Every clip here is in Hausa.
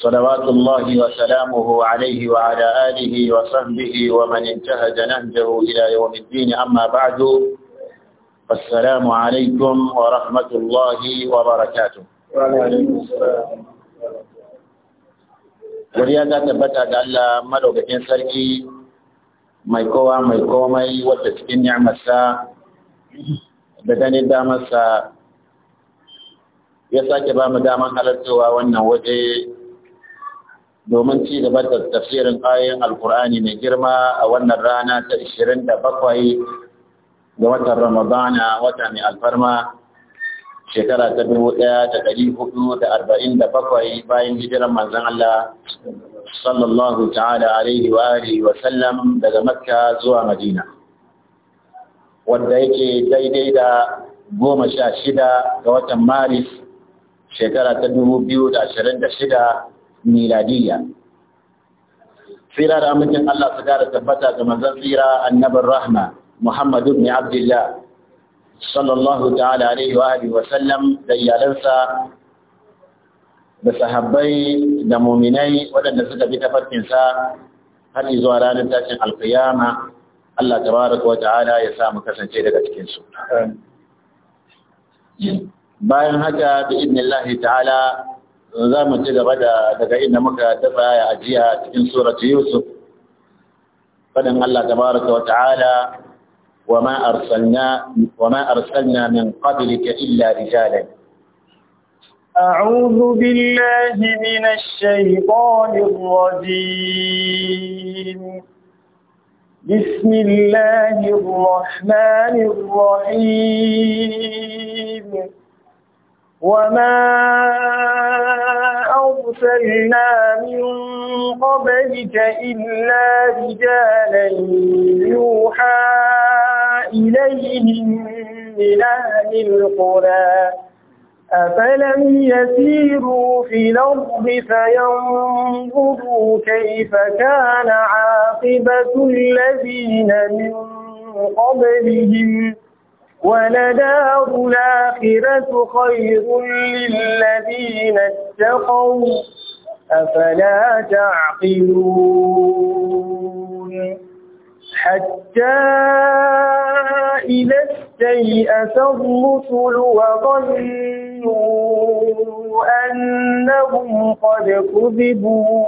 صلوات الله وسلامه عليه وعلى آله وصحبه ومن انتهج نهجه إلى يوم الدين أما بعد السلام عليكم ورحمة الله وبركاته وليان ذات بتا دعلا ملو بحين سرقي ما يكوى ما يكوى ما يوتسكين نعم السا بدن الدام السا يساك بام دام خلطوا وانا وجه domin ci gaba da tafsirin ayoyin alkur'ani mai girma a wannan rana ta 27 ga watan ramadana wata mai alfarma shekara ta 1447 bayan hijiran manzon Allah sallallahu ta'ala alaihi wa alihi wa sallam daga makka zuwa madina wanda yake daidai da goma sha shida ga watan maris shekara ta 2026 miladiyya tsira da amincin Allah su gara tabbata ga manzon tsira annabin rahma Muhammadu ibn Abdullah sallallahu ta'ala alaihi wa alihi wa sallam da iyalansa da sahabbai da muminai waɗanda suka bi sa. har zuwa ranar tashin alkiyama Allah tabaraka wa ta'ala ya samu kasance daga cikin su bayan haka da idnillahi ta'ala za mu ci gaba da daga inda muka tafa ya ajiya cikin suratu Yusuf fadin Allah tabaraka wa ta'ala wa ma arsalna wa ma arsalna min qablika illa rijalan أعوذ بالله من الشيطان الرجيم بسم الله الرحمن الرحيم وما أرسلنا من قبلك إلا رجالا يوحى إليهم من أهل القرى أفلم يسيروا في الأرض فينظروا كيف كان عاقبة الذين من قبلهم ولدار الآخرة خير للذين اتقوا أفلا تعقلون حتى إذا استيأس الرسل وظنوا أنهم قد كذبوا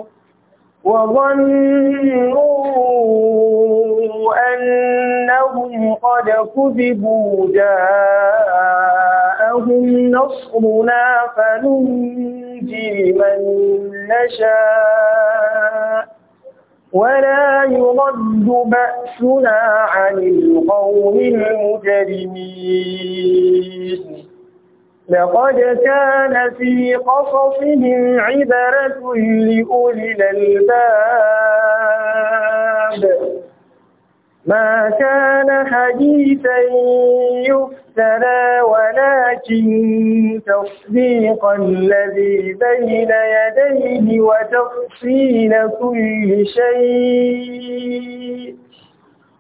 وظنوا أنهم قد كذبوا جاءهم نصرنا فننجي من نشاء ولا يرد بأسنا عن القوم المجرمين لقد كان في قصصهم عبرة لأولي الألباب ما كان حديثا يفترى ولكن تصديق الذي بين يديه وتفصيل كل شيء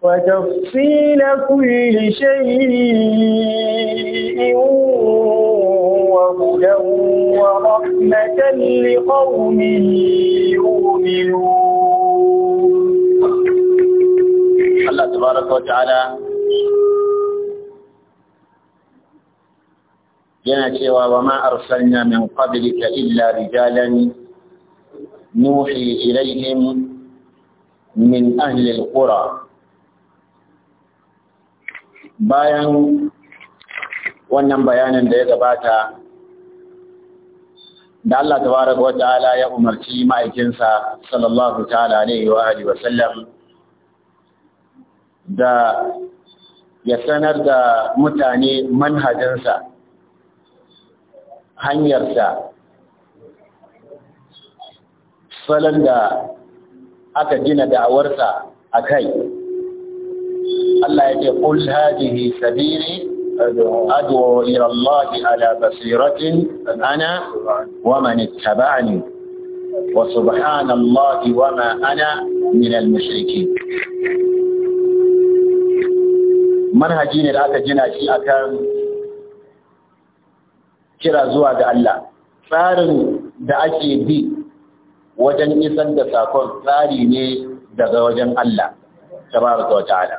وتفصيل كل شيء وهدى ورحمة لقوم يؤمنون الله تبارك وتعالى يناتي وما أرسلنا من قبلك إلا رجالا نوحي إليهم من أهل القرى bayan wannan bayanin da ya gabata da Allah tabaraka wa ta'ala ya umarci ma'aikinsa sallallahu ta'ala alaihi wa alihi wa sallam da ya sanar da mutane manhajinsa hanyarsa salon da aka gina da'awarsa a kai Allah ya ce qul hadhihi sabili أدعو إلى الله على بصيرة أنا ومن اتبعني وسبحان الله وما أنا من المشركين manhaji ne da aka jina shi akan kira zuwa ga Allah tsarin da ake bi wajen isar da sakon tsari ne daga wajen Allah tabaraka wa ta'ala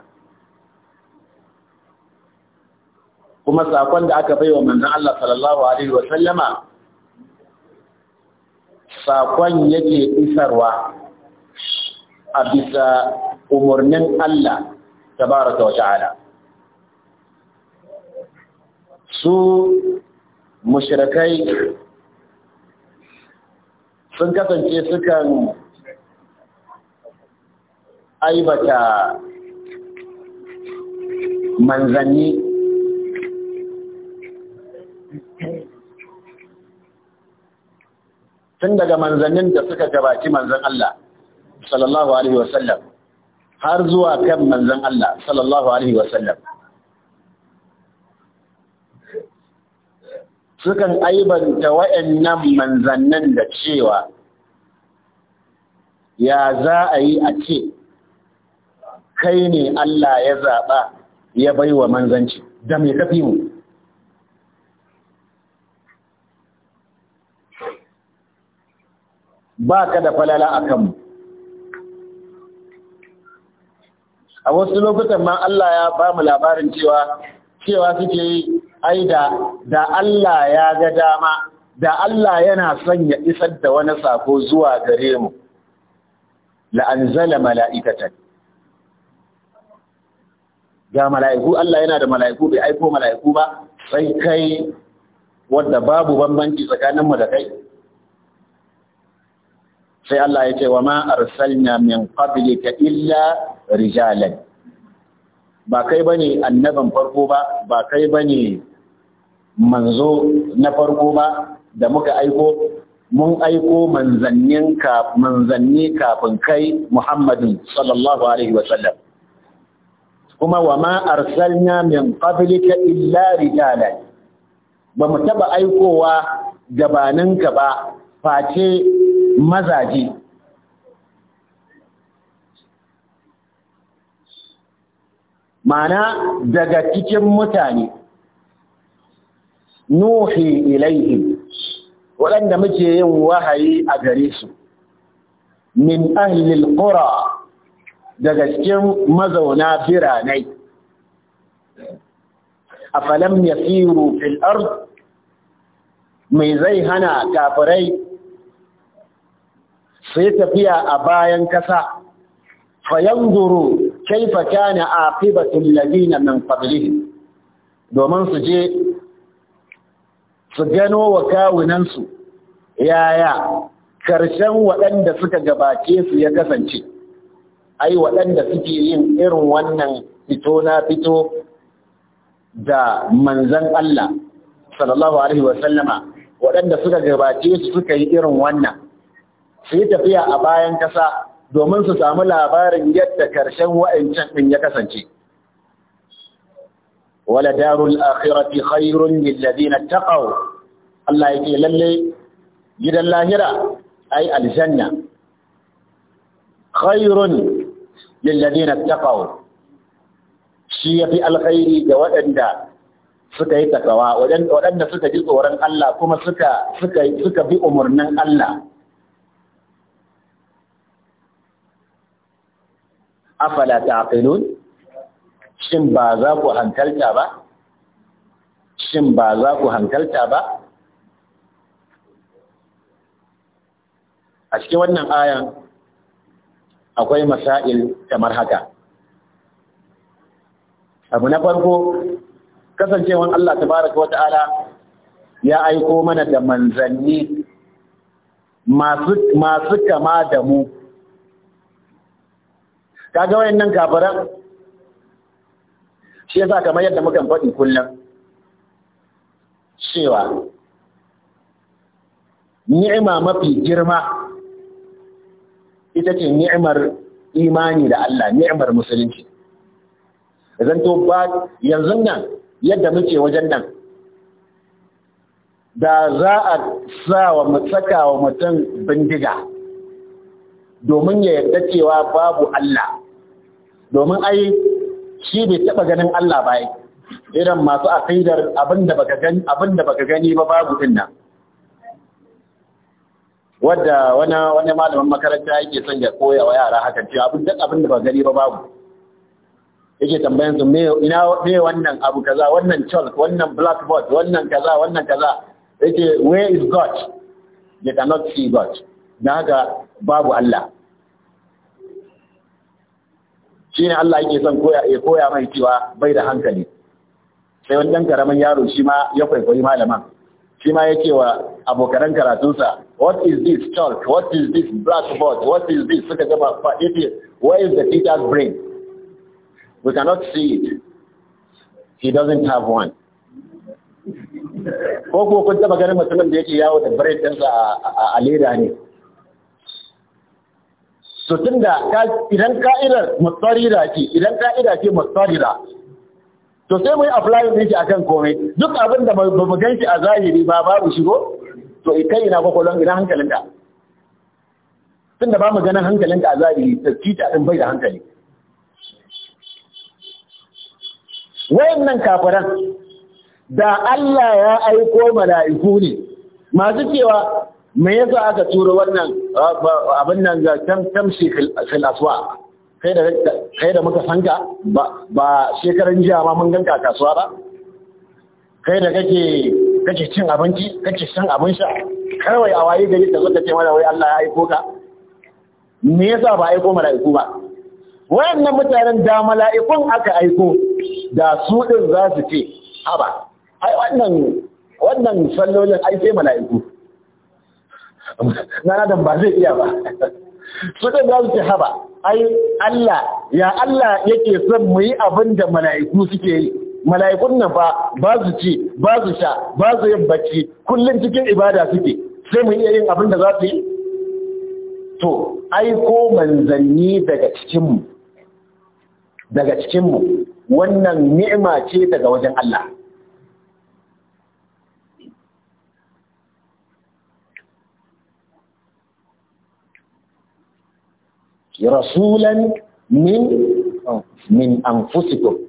kuma sakon da aka bai wa manzan Allah sallallahu alaihi wa sakon yake isarwa a bisa umarnin Allah Ta, ta wata ala, su mashirakai sun kasance sukan aibata manzanni tun daga manzannin da suka gabaci manzan Allah sallallahu alaihi wasallam har zuwa kan manzan Allah sallallahu alaihi wasallam sukan aibanta waɗannan manzannin da cewa ya za a yi a ce kai ne Allah ya zaɓa ya bai wa manzanci da mai kafi mu ba ka da falala a kanmu a wasu lokutan ma Allah ya ba mu labarin cewa cewa suke yi ai da Allah ya ga dama da Allah yana son ya isar da wani sako zuwa gare mu la'anzala mala'ikatan ga mala'iku Allah yana da mala'iku bai aiko mala'iku ba sai kai wadda babu bambanci tsakaninmu da kai sai Allah ya ce wa ma arsalna min qablika illa rijalan ba kai bane annaban farko ba ba kai bane manzo na farko ba da muka aiko mun aiko manzannin ka manzanni kafin kai Muhammadin sallallahu alaihi wa sallam kuma wa ma arsalna min qablika illa rijalan ba mu taba aikowa gabaninka ba face mazaje mana daga cikin mutane nuhi ilaihim waɗanda muke yin wahayi a gare su min ahlil qura daga cikin mazauna biranai afalam yasiru fil ard mai zai hana kafirai sai tafiya a bayan kasa fayanzuru kaifa kana aqibatul ladina min qablihim domin su je su gano wa kawunan su. yaya karshen waɗanda suka gabace su ya kasance ai waɗanda suke yin irin wannan fito na fito da manzan Allah sallallahu alaihi wasallama waɗanda suka gabace su suka yi irin wannan su yi tafiya a bayan kasa domin su samu labarin yadda karshen wa'ancan ɗin ya kasance. Wala darul akhirati khairun na taqaw Allah ke lalle gidan lahira ai aljanna khairun na taqaw shi fi alkhairi ga waɗanda suka yi takawa waɗanda suka ji tsoron Allah kuma suka bi umarnin Allah afala taqilun shin ba za ku hankalta ba shin ba za ku hankalta ba a cikin wannan ayan akwai masail kamar haka abu na farko kasancewan Allah tabaraka wata'ala ya aiko mana da manzanni masu kama da mu kaga nan kafara? shi yasa kamar yadda muka faɗi kullum cewa ni'ima mafi girma ita ce ni'imar imani da Allah ni'imar musulunci zanto ba yanzu nan yadda muke wajen nan da za a sa wa mutsaka wa mutum bindiga domin ya yarda cewa babu Allah domin ai shi bai taɓa ganin Allah ba yi irin masu aƙidar abinda baka gani abinda baka gani ba babu din nan wanda wani wani malamin makaranta yake son ya koya wa yara haka ce abin duk da ba gani ba babu yake tambayan su me ina me wannan abu kaza wannan chalk wannan blackboard wannan kaza wannan kaza yake where is god you cannot see god Na haka babu Allah Shi ne Allah yake son koya ya koya mai cewa bai da hankali sai wani ɗan karamin yaro shi ma ya kwaikwayi malaman shi ma ce wa abokan karatunsa what is this chalk what is this blackboard what is this suka gaba faɗi where is the teacher's brain we cannot see it he doesn't have one ko ko kun taba ganin mutumin da yake yawo da brain ɗinsa a leda ne so tunda idan ka'idar mutsarira ce idan ka'ida ce mutsarira to sai mu yi applying din shi akan komai duk abin da ba mu shi a zahiri ba babu shigo to kai ina kwakwalon ina tun tunda ba mu ganin hankalin ka a zahiri ta din bai da hankali wayannan kafiran da Allah ya aiko mala'iku ne masu cewa me yasa aka tura wannan ah, abin nan ga tamshi fil aswa kai da kai da muka sanka ba shekaran jiya ma mun ganka kasuwa ba kai da kake kake cin abinci kake shan abin sha kawai a waye gari da zaka ce mana wai Allah ya aiko ka me yasa ba aiko mala'iku ba wayannan mutanen da mala'ikun aka aiko da su din za su ce haba ai wannan wannan sallolin ai sai mala'iku na adam ba zai iya ba su ɗin za su ce haba ai Allah ya Allah yake son mu yi abin da mala'iku suke yi mala'ikun nan fa ba su ci ba su sha ba su yin bacci kullum cikin ibada suke sai mu iya yin abin da za su yi to ai ko manzanni daga cikinmu daga cikinmu wannan ni'ima ce daga wajen Allah rasulan min min anfusikum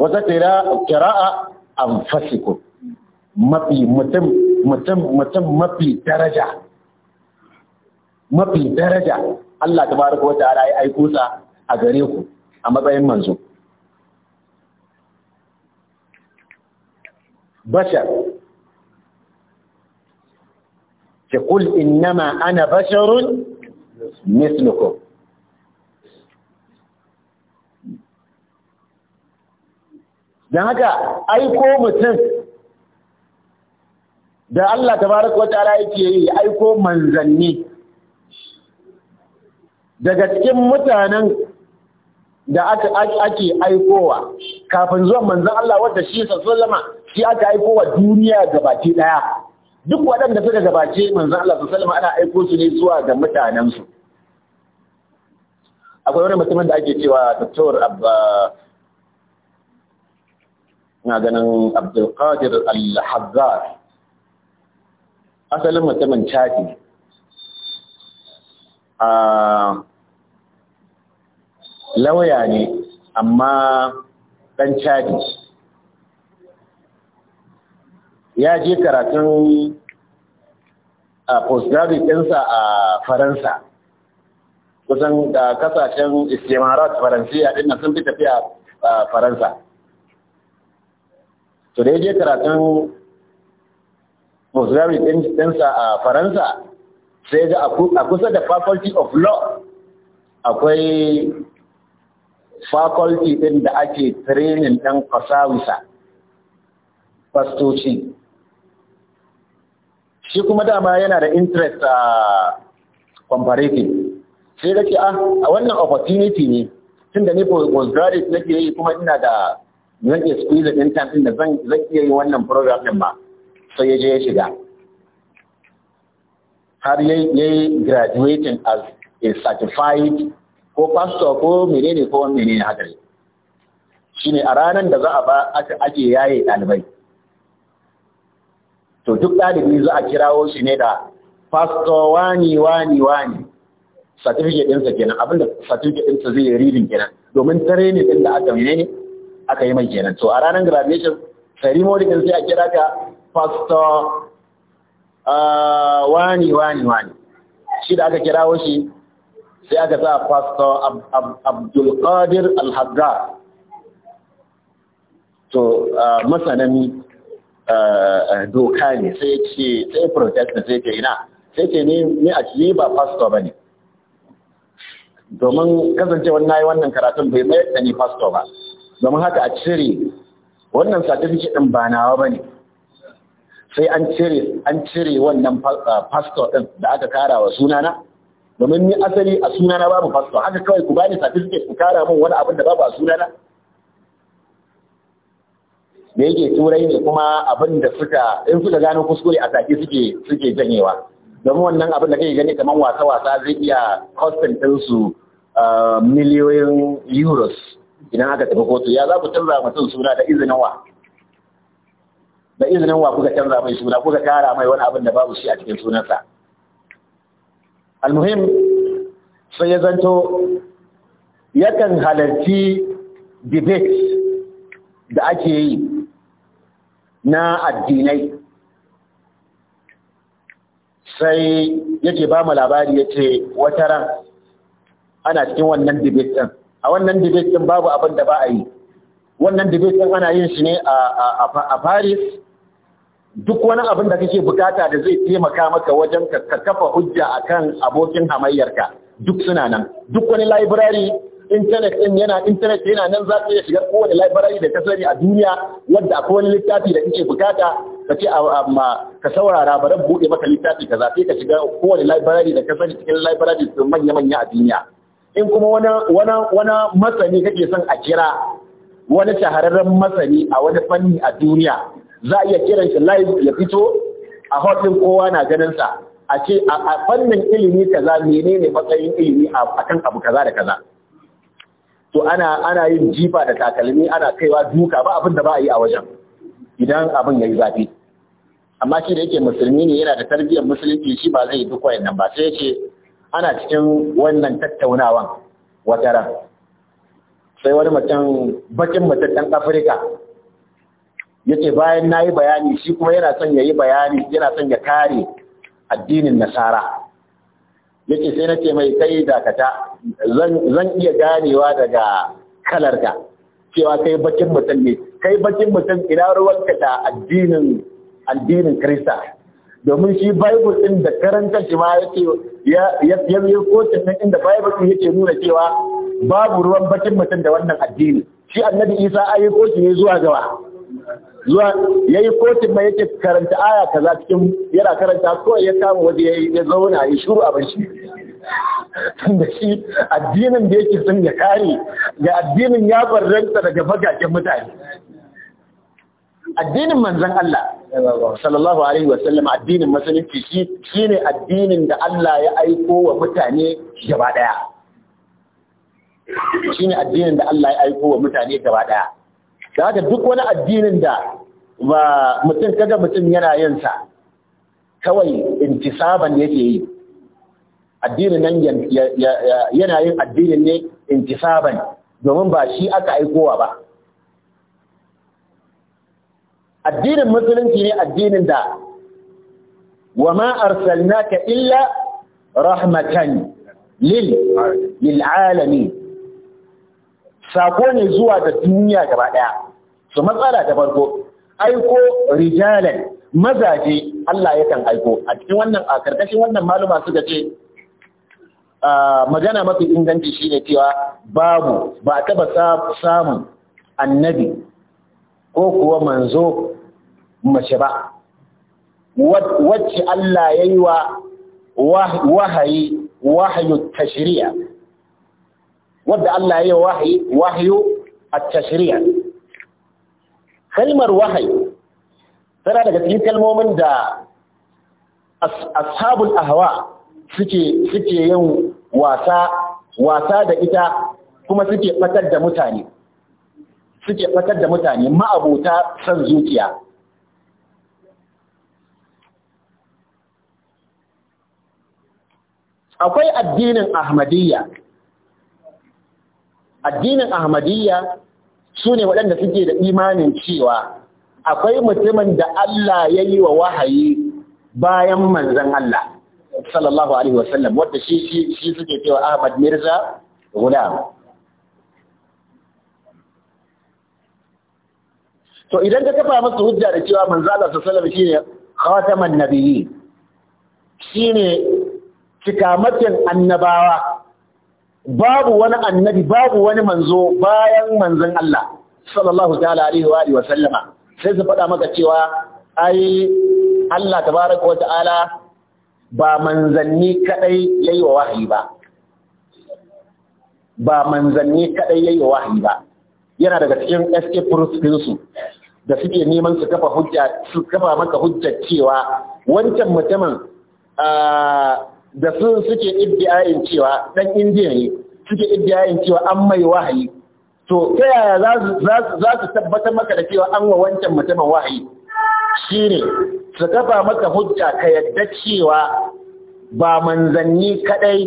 wata kira'a anfusikum mafi mutum mutum mutum mafi daraja mafi daraja Allah ta wa ta'ala ya aiko sa a gare ku a matsayin manzo bashar Ke kul innama ana basharun mislukum don haka aiko mutum da Allah tabaraka wa ta'ala yake yi aiko manzanni daga cikin mutanen da ake aikowa kafin zuwan manzan Allah wadda shi sallama shi aka aikowa duniya gabaki daya duk waɗanda suka gabace manzan Allah sallama ana aiko su ne zuwa ga mutanensu akwai wani mutumin da ake cewa doktor abba na ganin abdulkadir al-hazzar asalin mutumin chadi a ah, lauya ne amma ɗan chadi ya je karatun a ah, postgraduate ɗinsa a faransa kusan da kasashen istimarat faransiya din sun fi tafiya a faransa to da je karatun postgraduate ɗinsa a faransa sai ga a kusa da faculty of law akwai faculty ɗin da ake training ɗan fasawisa fastoci shi kuma dama yana da interest a comparative sai da ce ah, a wannan opportunity ne tun da ni postgraduate nake yi kuma ina da zan iya squeeze ɗin time ɗin da zan iya yi wannan program ɗin ba sai ya je ya shiga har ya yi graduating as a certified ko pastor ko menene ko menene haka ne shine a ranar da za a ba aka ake yaye ɗalibai to duk ɗalibi za a kirawo shi ne da pastor wani wani wani certificate ɗinsa kenan abinda certificate ɗinsa zai yi kenan domin training ɗin da aka yi aka yi mai kenan to a ranar graduation ceremony ɗin sai a kira ka pastor uh, wani wani wani shi da aka kira shi sai aka sa pastor Abdul Qadir al to uh, masanami uh, doka ne sai ce sai protest sai ce ina sai ce ne a ci ba pastor ne. domin kasancewar na yi wannan karatun bai mayar da ni fasto ba domin haka a cire wannan certificate ɗin ba nawa ba ne sai an cire an cire wannan fasto ah, ɗin da aka kara wa sunana domin ni asali a sunana babu fasto haka kawai ku bani certificate ku kara min wani abin da babu a sunana da yake turai ne kuma abin da suka in suka gano kuskure a take suke suke janyewa don wannan abin da kake gani kamar wasa-wasa zai iya kostin ɗinsu eh, miliyoyin euros idan aka tafi kotu ya za ku canza mutum suna da izinin wa da izinin wa kuka canza mai suna kuka kara mai wani abin da babu shi a cikin sunansa almuhim sai ya zanto yakan halarci debate da ake yi na addinai sai yake ba mu labari yace wata ran ana cikin wannan dibetin a wannan dibetin babu abin da ba a yi wannan dibetin din ana yin shi ne a Paris duk wani abin da kake bukata da zai taimaka maka wajen ka kafa hujja akan abokin hamayyarka duk suna nan duk wani library internet din yana internet yana nan za ka iya shiga kowane library da ka sani a duniya wadda akwai wani littafi da kake bukata ka ce amma ka saurara bari buɗe maka littafi ka zafi ka shiga kowane library da ka sani cikin library su manya-manya a duniya in kuma wani masani kake son a kira wani shahararren masani a wani fanni a duniya za a iya kiran shi live ya fito a hotin kowa na ganin sa a ce a fannin ilimi kaza menene matsayin ilimi a kan abu kaza da kaza to ana ana yin jifa da takalmi ana kaiwa duka ba abin da ba a yi a wajen idan abin ya yi zafi amma shi da yake musulmi ne yana da tarbiyyar musulunci shi ba zai duk wayannan ba sai yace ana cikin wannan tattaunawan wata ran sai wani mutum bakin mutum dan Afirka yace bayan nayi bayani shi kuma yana son yayi bayani yana son ya kare addinin nasara yace sai nace mai kai dakata zan zan iya ganewa daga kalarka cewa kai bakin mutum ne kai bakin mutum ina ruwanka da addinin addinin Kirista. Domin shi Bible ɗin da karanta shi ma yake ya yi kotun nan inda Bible ɗin yake nuna cewa babu ruwan bakin mutum da wannan addini. Shi annabi Isa a yi kotun ne zuwa gaba. Zuwa ya yi kotun ma yake karanta aya kaza cikin yana karanta ko ya kama waje ya zauna ya shuru abin shi. tunda shi addinin da yake son ya kare ga addinin ya barranta daga bagaken mutane addinin manzan Allah sallallahu alaihi wasallam addinin musulunci shi ne addinin da Allah ya aiko wa mutane gaba daya shine addinin da Allah ya aiko wa mutane gaba daya da haka duk wani addinin da ba mutum kaga mutum yana kawai in kawai intisaban yake yi addinin nan yana yin addinin ne intisaban domin ba shi aka aikowa ba addinin musulunci ne addinin da wa ma arsalnaka illa rahmatan lil lil alamin sako ne zuwa da duniya gaba daya su matsala ta farko aiko rijalan mazaje Allah yakan aiko a cikin wannan a karkashin wannan maluma suka ce magana mafi inganci shine cewa babu ba taba samun annabi ko kuwa manzo mace ba wacce Allah ya yi wa wahayi wahayu shirya, wadda Allah ya yi wahayi wahayu ta shirya. kalmar wahayi tana daga cikin kalmomin da ashabul ahawa suke suke yin wasa wasa da ita kuma suke fatar da mutane suke fatar da mutane ma'abuta san zuciya akwai addinin ahmadiyya addinin ahmadiyya su ne waɗanda suke da imanin cewa akwai mutumin da Allah ya yi wa wahayi bayan manzan Allah sallallahu alaihi wasallam wadda shi shi suke cewa Ahmad Mirza Gulam to idan ka kafa masa hujja da cewa manzan Allah sallallahu alaihi wasallam shine khataman nabiyyi shine tikamatin annabawa babu wani annabi babu wani manzo bayan manzon Allah sallallahu ta'ala alaihi wa alihi wa sallama sai su faɗa maka cewa ai Allah tabaraka wa ta'ala ba manzanni kadai yayi wa wahayi ba ba manzanni kadai yayi wa wahayi ba yana daga cikin escape route ɗinsu da suke neman su kafa hujja su kafa maka hujjar cewa wancan mutumin ah, da su suke iddiayin cewa dan indiya ne suke iddiayin cewa an mai wahayi to ta yaya za su tabbatar maka da cewa an wa wancan mutumin wahayi ne su kafa maka hujja ka yadda cewa ba manzanni kadai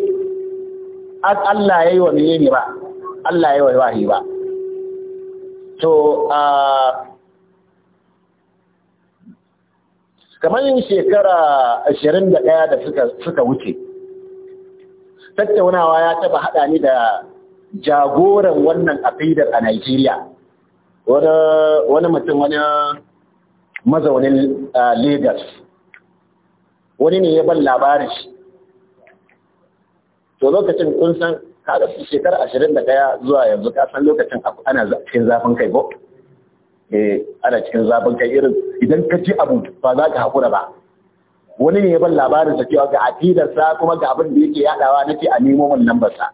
Allah ya yi wa ne ba Allah ya yi wa wahayi ba to a ah, kamar shekara ashirin da ɗaya da suka wuce tattaunawa ya taba haɗa ni da jagoran wannan afidar a Najeriya wani mutum wani mazaunin Lagos wani ne ya ban labarin shi to lokacin kun san su shekara ashirin da ɗaya zuwa yanzu kasan lokacin ana cikin zafin kai ko Eh, ana cikin zafin kai irin idan ka ji abu ba za ka haƙura ba wani ne ya ban labarin sa cewa ga aqidarsa kuma ga abin da yake yadawa nake a nemo min lambarsa.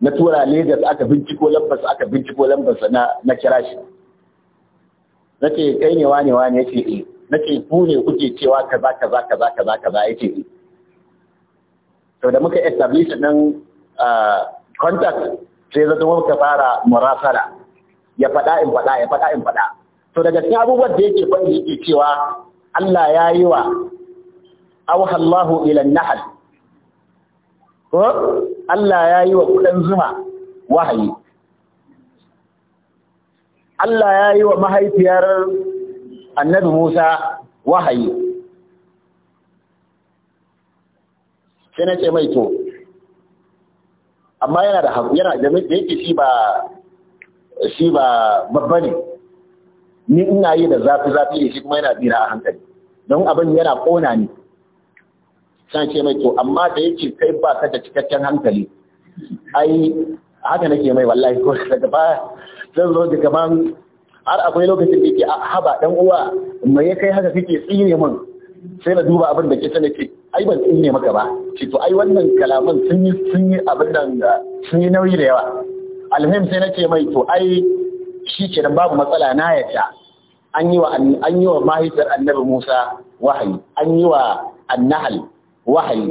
na tura Lagos aka binciko lambarsa, aka binciko lambarsa na na kira shi nace kai ne wane wane yace eh ce ku ne kuke cewa kaza kaza kaza kaza kaza yace eh to da muka establish nan ah, contact sai zato muka fara murasara. ya faɗa in faɗa ya faɗa in faɗa to daga cikin abubuwan da yake faɗi yake cewa Allah ya yi wa auha Allahu ila nahal ko Allah ya yi wa kudan zuma wahayi Allah ya yi wa mahaifiyar annabi Musa wahayi sai na ce mai to amma yana da yana da yake shi ba shi ba babba ne ni ina yi da zafi zafi ne shi kuma yana tsira a hankali don abin yana kona ni san ce mai to amma da yake kai ba ka da cikakken hankali ai haka nake mai wallahi ko daga ba zan zo daga ban har akwai lokacin da yake haba dan uwa mai ya kai haka kike tsine min sai na duba abin da ke sana ke. ai ban tsine maka ba ce to ai wannan kalaman sun yi sun yi abin nan sun yi nauyi da yawa alhim sai nace mai to ai shi kenan babu matsala na yadda an yi wa an yi wa mahaifar annabi Musa wahayi an yi wa annahl wahayi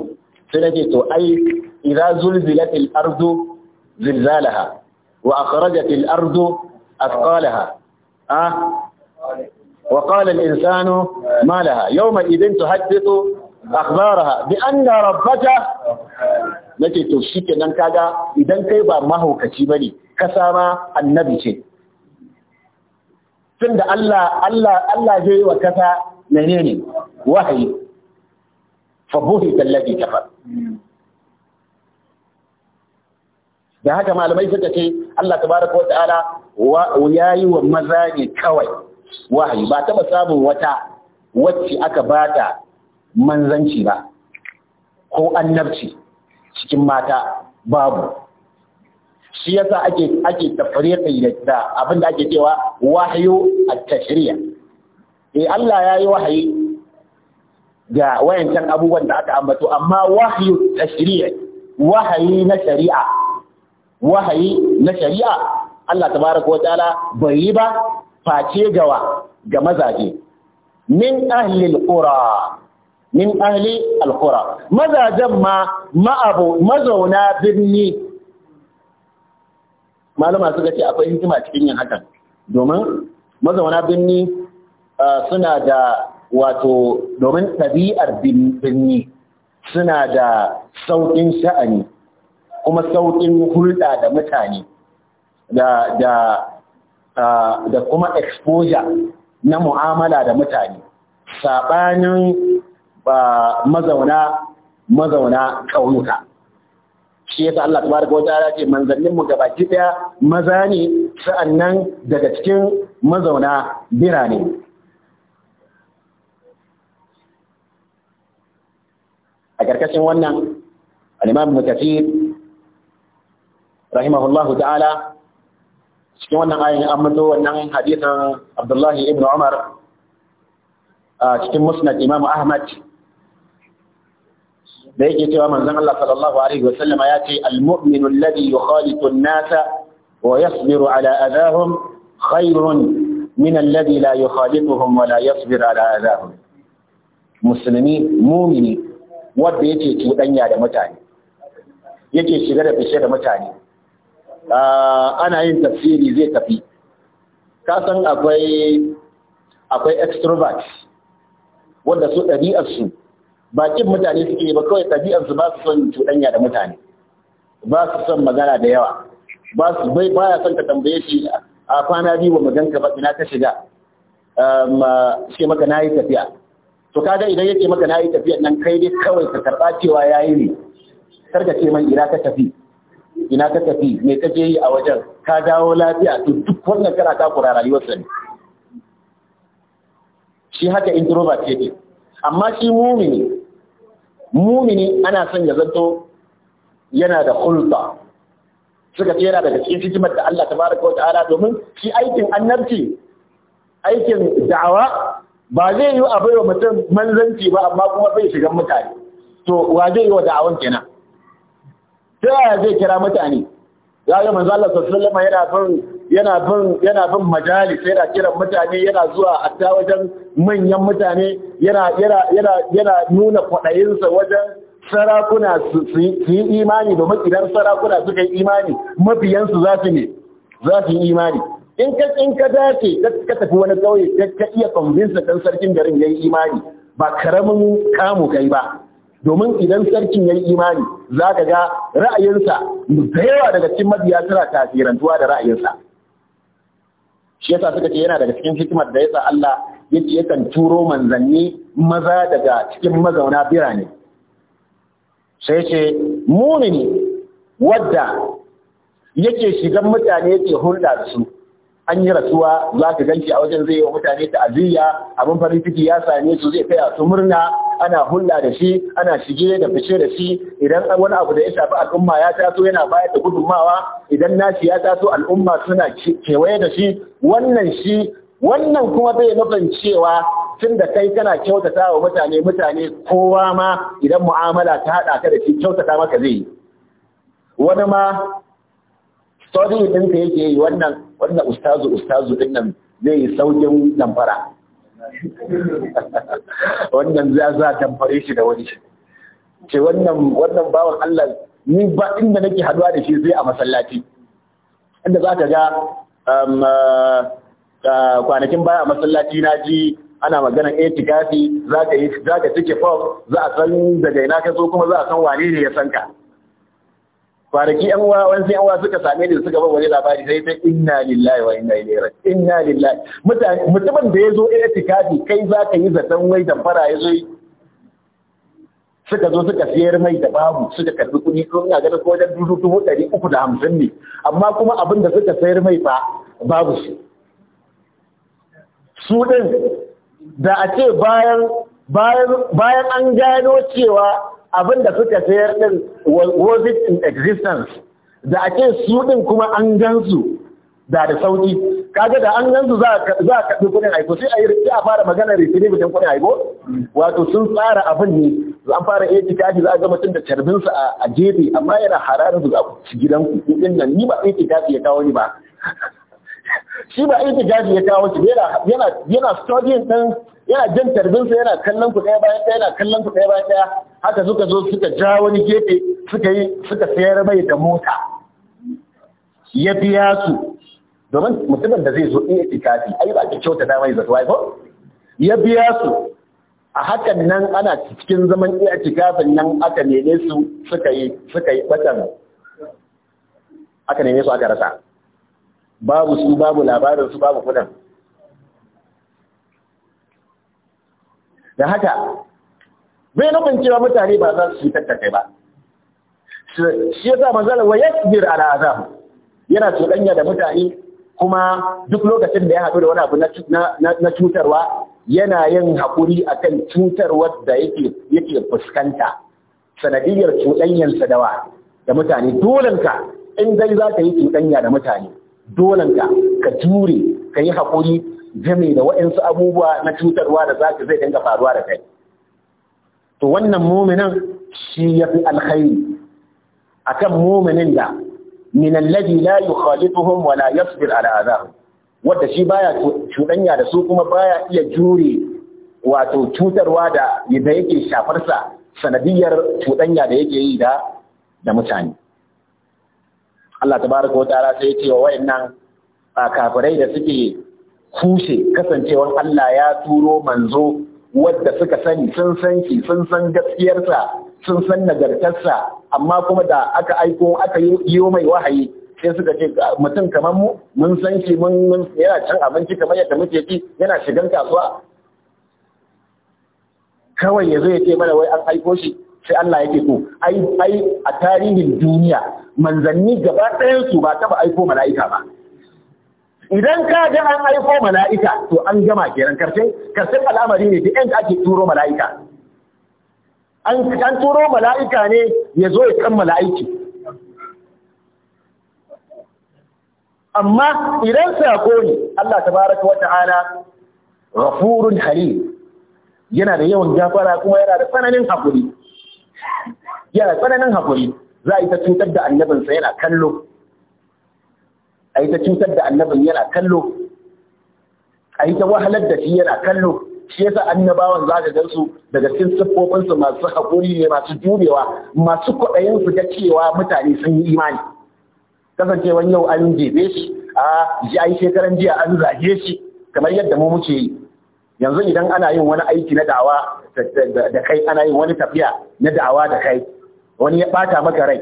sai nace to ai idza zulzilatil ardu zilzalaha wa akhrajatil ardu athqalaha a وقال الإنسان ما لها يوم يومئذ تحدث akhbaraha bi anna rabbaka nake to shikenan kaga idan kai ba mahaukaci bane ka sama annabi ce tunda Allah Allah Allah zai wa kasa menene wahayi fa buhita alladhi kafar da haka malamai suka ce Allah tabaraka wa ta'ala yayi wa maza ne kawai wahayi ba taba samun wata wacce aka bata manzanci ba ko annabci cikin mata babu shi yasa ake ake tafriqi da abinda ake cewa wahyu at-tashri'a eh Allah yayi wahayi ga wayancan abubuwan da aka ambato amma wahyu tashri'a wahayi na shari'a wahayi na shari'a Allah tabaraka ta'ala bai yi ba face gawa ga mazaje min ahlil qura min ahli alqura mazajen ma ma'abu mazauna birni malama suka ce akwai hikima cikin yin hakan domin mazauna birni suna da wato domin ɗabi'ar birni suna da sauƙin sha'ani kuma sauƙin hulɗa da mutane da da kuma exposure na mu'amala da mutane saɓanin mazauna mazauna ƙauyuka shi yasa Allah ta wa ta'ala ce manzannin mu ki daya maza ne sa'annan daga cikin mazauna birane a karkashin wannan al-Imam rahimahullahu ta'ala cikin wannan ayin an wannan hadisin Abdullahi ibn Umar a cikin Musnad Imam Ahmad da yake cewa manzon Allah sallallahu alaihi wa sallama ya ce al-mu'minu alladhi yukhalitu an-nasa wa yasbiru ala adahum khairun min alladhi la yukhalifuhum wa la yasbiru ala adahum musulmi mumini wanda yake cuɗanya da mutane yake shiga da fice da mutane ah, ana yin tafsiri zai tafi ka san akwai akwai extrovert wanda su ɗabi'arsu bakin mutane suke ba kawai ɗabi'ansu ba su son cuɗanya da mutane ba su son magana da yawa ba su bai baya son ka tambaye shi a kwana biyu wa maganka ba ina ka shiga ce um, uh, maka na yi tafiya to kaga idan yake maka na yi tafiya nan kai dai kawai ka karɓa cewa ya yi ne kar ka ce man ina ka tafi ina ka tafi me kake yi a wajen ka dawo lafiya to duk wannan kana takura rayuwarsa ne shi haka introvert yake amma shi mumini mumini ana son ya zato yana da hulɗa suka ce yana daga cikin hikimar da Allah tabaraka wa ta'ala domin shi aikin annabci aikin da'awa ba zai yi abai wa mutum manzanci ba amma kuma bai shiga mutane to wa zai yi wa da'awan kenan ta yaya zai kira mutane ya ga manzo Allah sallallahu alaihi wasallam yana son yana bin majali majalis yana kiran mutane yana zuwa ta wajen manyan mutane yana nuna kwaɗayinsa wajen sarakuna su yi imani domin idan sarakuna suka yi imani mafiyansu za su ne za su yi imani in ka in ka dace ka tafi wani kauye ka iya convince dan sarkin garin yayi imani ba karamin kamu kai ba domin idan sarkin yayi imani za ka ga ra'ayinsa da yawa daga cikin mabiya suna tasirantuwa da ra'ayinsa shi yasa suka ce yana daga cikin hikimar da yasa Allah ce yakan turo manzanni maza daga cikin mazauna birane sai ce mumini wadda yake shigan mutane yake hulɗa da su an yi rasuwa za ka ganci a wajen zai yi wa mutane ta'aziyya abin farin ciki ya same su zai kai su murna ana hulla da shi ana shige da fice da shi idan wani abu da ya shafi al'umma ya taso yana bayar da gudunmawa idan nashi ya taso al'umma suna kewaye da shi wannan shi wannan kuma zai nufin cewa tun da kai kana kyautata wa mutane mutane kowa ma idan mu'amala ta haɗa ka da shi kyautata maka zai yi wani ma sauri din yake yi wannan wannan ustazu ustazu din nan zai yi saukin damfara wannan za za damfare shi da wani ce wannan bawan Allah ni ba inda nake haduwa da shi sai a masallaci inda za ka ga um, uh, uh, kwanakin baya a masallaci na ji ana magana itikafi za ka yi za ka cike za a san daga ina ka zo kuma za a san wane ne ya san ka kwanaki yan uwa wani yan uwa suka same ni suka bar wani labari sai sai inna lillahi wa inna ilaihi raji inna lillahi mutumin da yazo tikafi kai za ka yi zaton wai da fara zo. suka zo suka siyar mai da babu suka karbi kuɗi ko ina ganin ko wajen dubu dubu ɗari uku da hamsin ne amma kuma abin da suka sayar mai ba babu su. su ɗin da a ce bayan bayan an gano cewa abin da suka sayar din was it in existence da ake su din kuma an gansu da da sauki kaga da an gansu za a kaɗi kudin aiko sai a yi a fara magana rifini bitin kudin aiko wato sun tsara abin ne an fara iya tikafi za a ga mutum da carbinsa a jefe amma yana hararin su a ku. din nan ni ba iya tikafi ya kawo ni ba shi ba iya tikafi ya kawo shi yana yana studying ɗin yana jan tarbinsa yana kallon ku ɗaya bayan ɗaya yana kallon ku ɗaya bayan ɗaya haka suka zo suka ja wani gefe suka yi suka sayar mai da mota ya biya su domin mutumin da zai zo iya tikafi ai ba ki kyauta da mai zatuwa ko ya biya su a hakan nan ana cikin zaman iya tikafin nan aka nene su suka yi suka yi batan aka nene su aka rasa babu su babu labarin su babu kudin da haka bai nufin cewa mutane ba za su yi tattaka ba shi ya sa manzala wa yasbir ala azab yana cuɗanya da mutane kuma duk lokacin da ya haɗu da wani abu na cutarwa yana yin haƙuri a kan cutarwar da yake fuskanta sanadiyar cuɗanyarsa da wa da mutane dolanka in dai za ka yi cuɗanya da mutane dolanka ka jure ka yi haƙuri game da waɗansu abubuwa na cutarwa da ka zai dinga faruwa da kai to wannan muminin shi ya fi alkhairi akan muminin da minan Ladi la yukhalituhum wa yasbir wadda wanda shi baya cuɗanya da su kuma baya iya jure wato cutarwa da da yake shafarsa sanadiyyar sanadiyar cuɗanya da yake yi da da mutane Allah Ta tabaraka wa ta'ala sai ya ce wa wayannan kafirai da suke kushe kasancewar Allah ya turo manzo wadda suka sani sun san shi sun san gaskiyarsa sun san nagartarsa amma kuma da aka aiko aka yi mai wahayi sai suka ce mutum kamar mu mun san shi mun yana can abinci kamar yadda muke ci yana shigan kasuwa kawai ya zo ya ce mana wai an aiko shi sai Allah yake ko ai ai a tarihin duniya manzanni gaba ɗayan su ba taba aiko mala'ika ba idan ka ga an aiko mala'ika to an gama kenan karshen karshen al'amari ne da yanka ake turo mala'ika an turo mala'ika ne ya zo ya kammala aiki amma idan sako ne Allah Ta baraka wa ana rafurun hari yana da yawan gafara kuma yana da tsananin hakuri yana tsananin hakuri za a yi ta cutar da annabinsa yana kallo a yi ta cutar da annabin yana kallo a yi ta wahalar da shi yana kallo shi yasa annabawan za ka gansu daga cikin siffofinsu masu haƙuri ne masu jurewa masu kwaɗayinsu da ga cewa mutane sun yi imani Kasancewar yau an jefe shi a ji yi shekaran jiya an zage shi kamar yadda mu muke yi yanzu idan ana yin wani aiki na dawa da kai ana yin wani tafiya na dawa da kai wani ya ɓata maka rai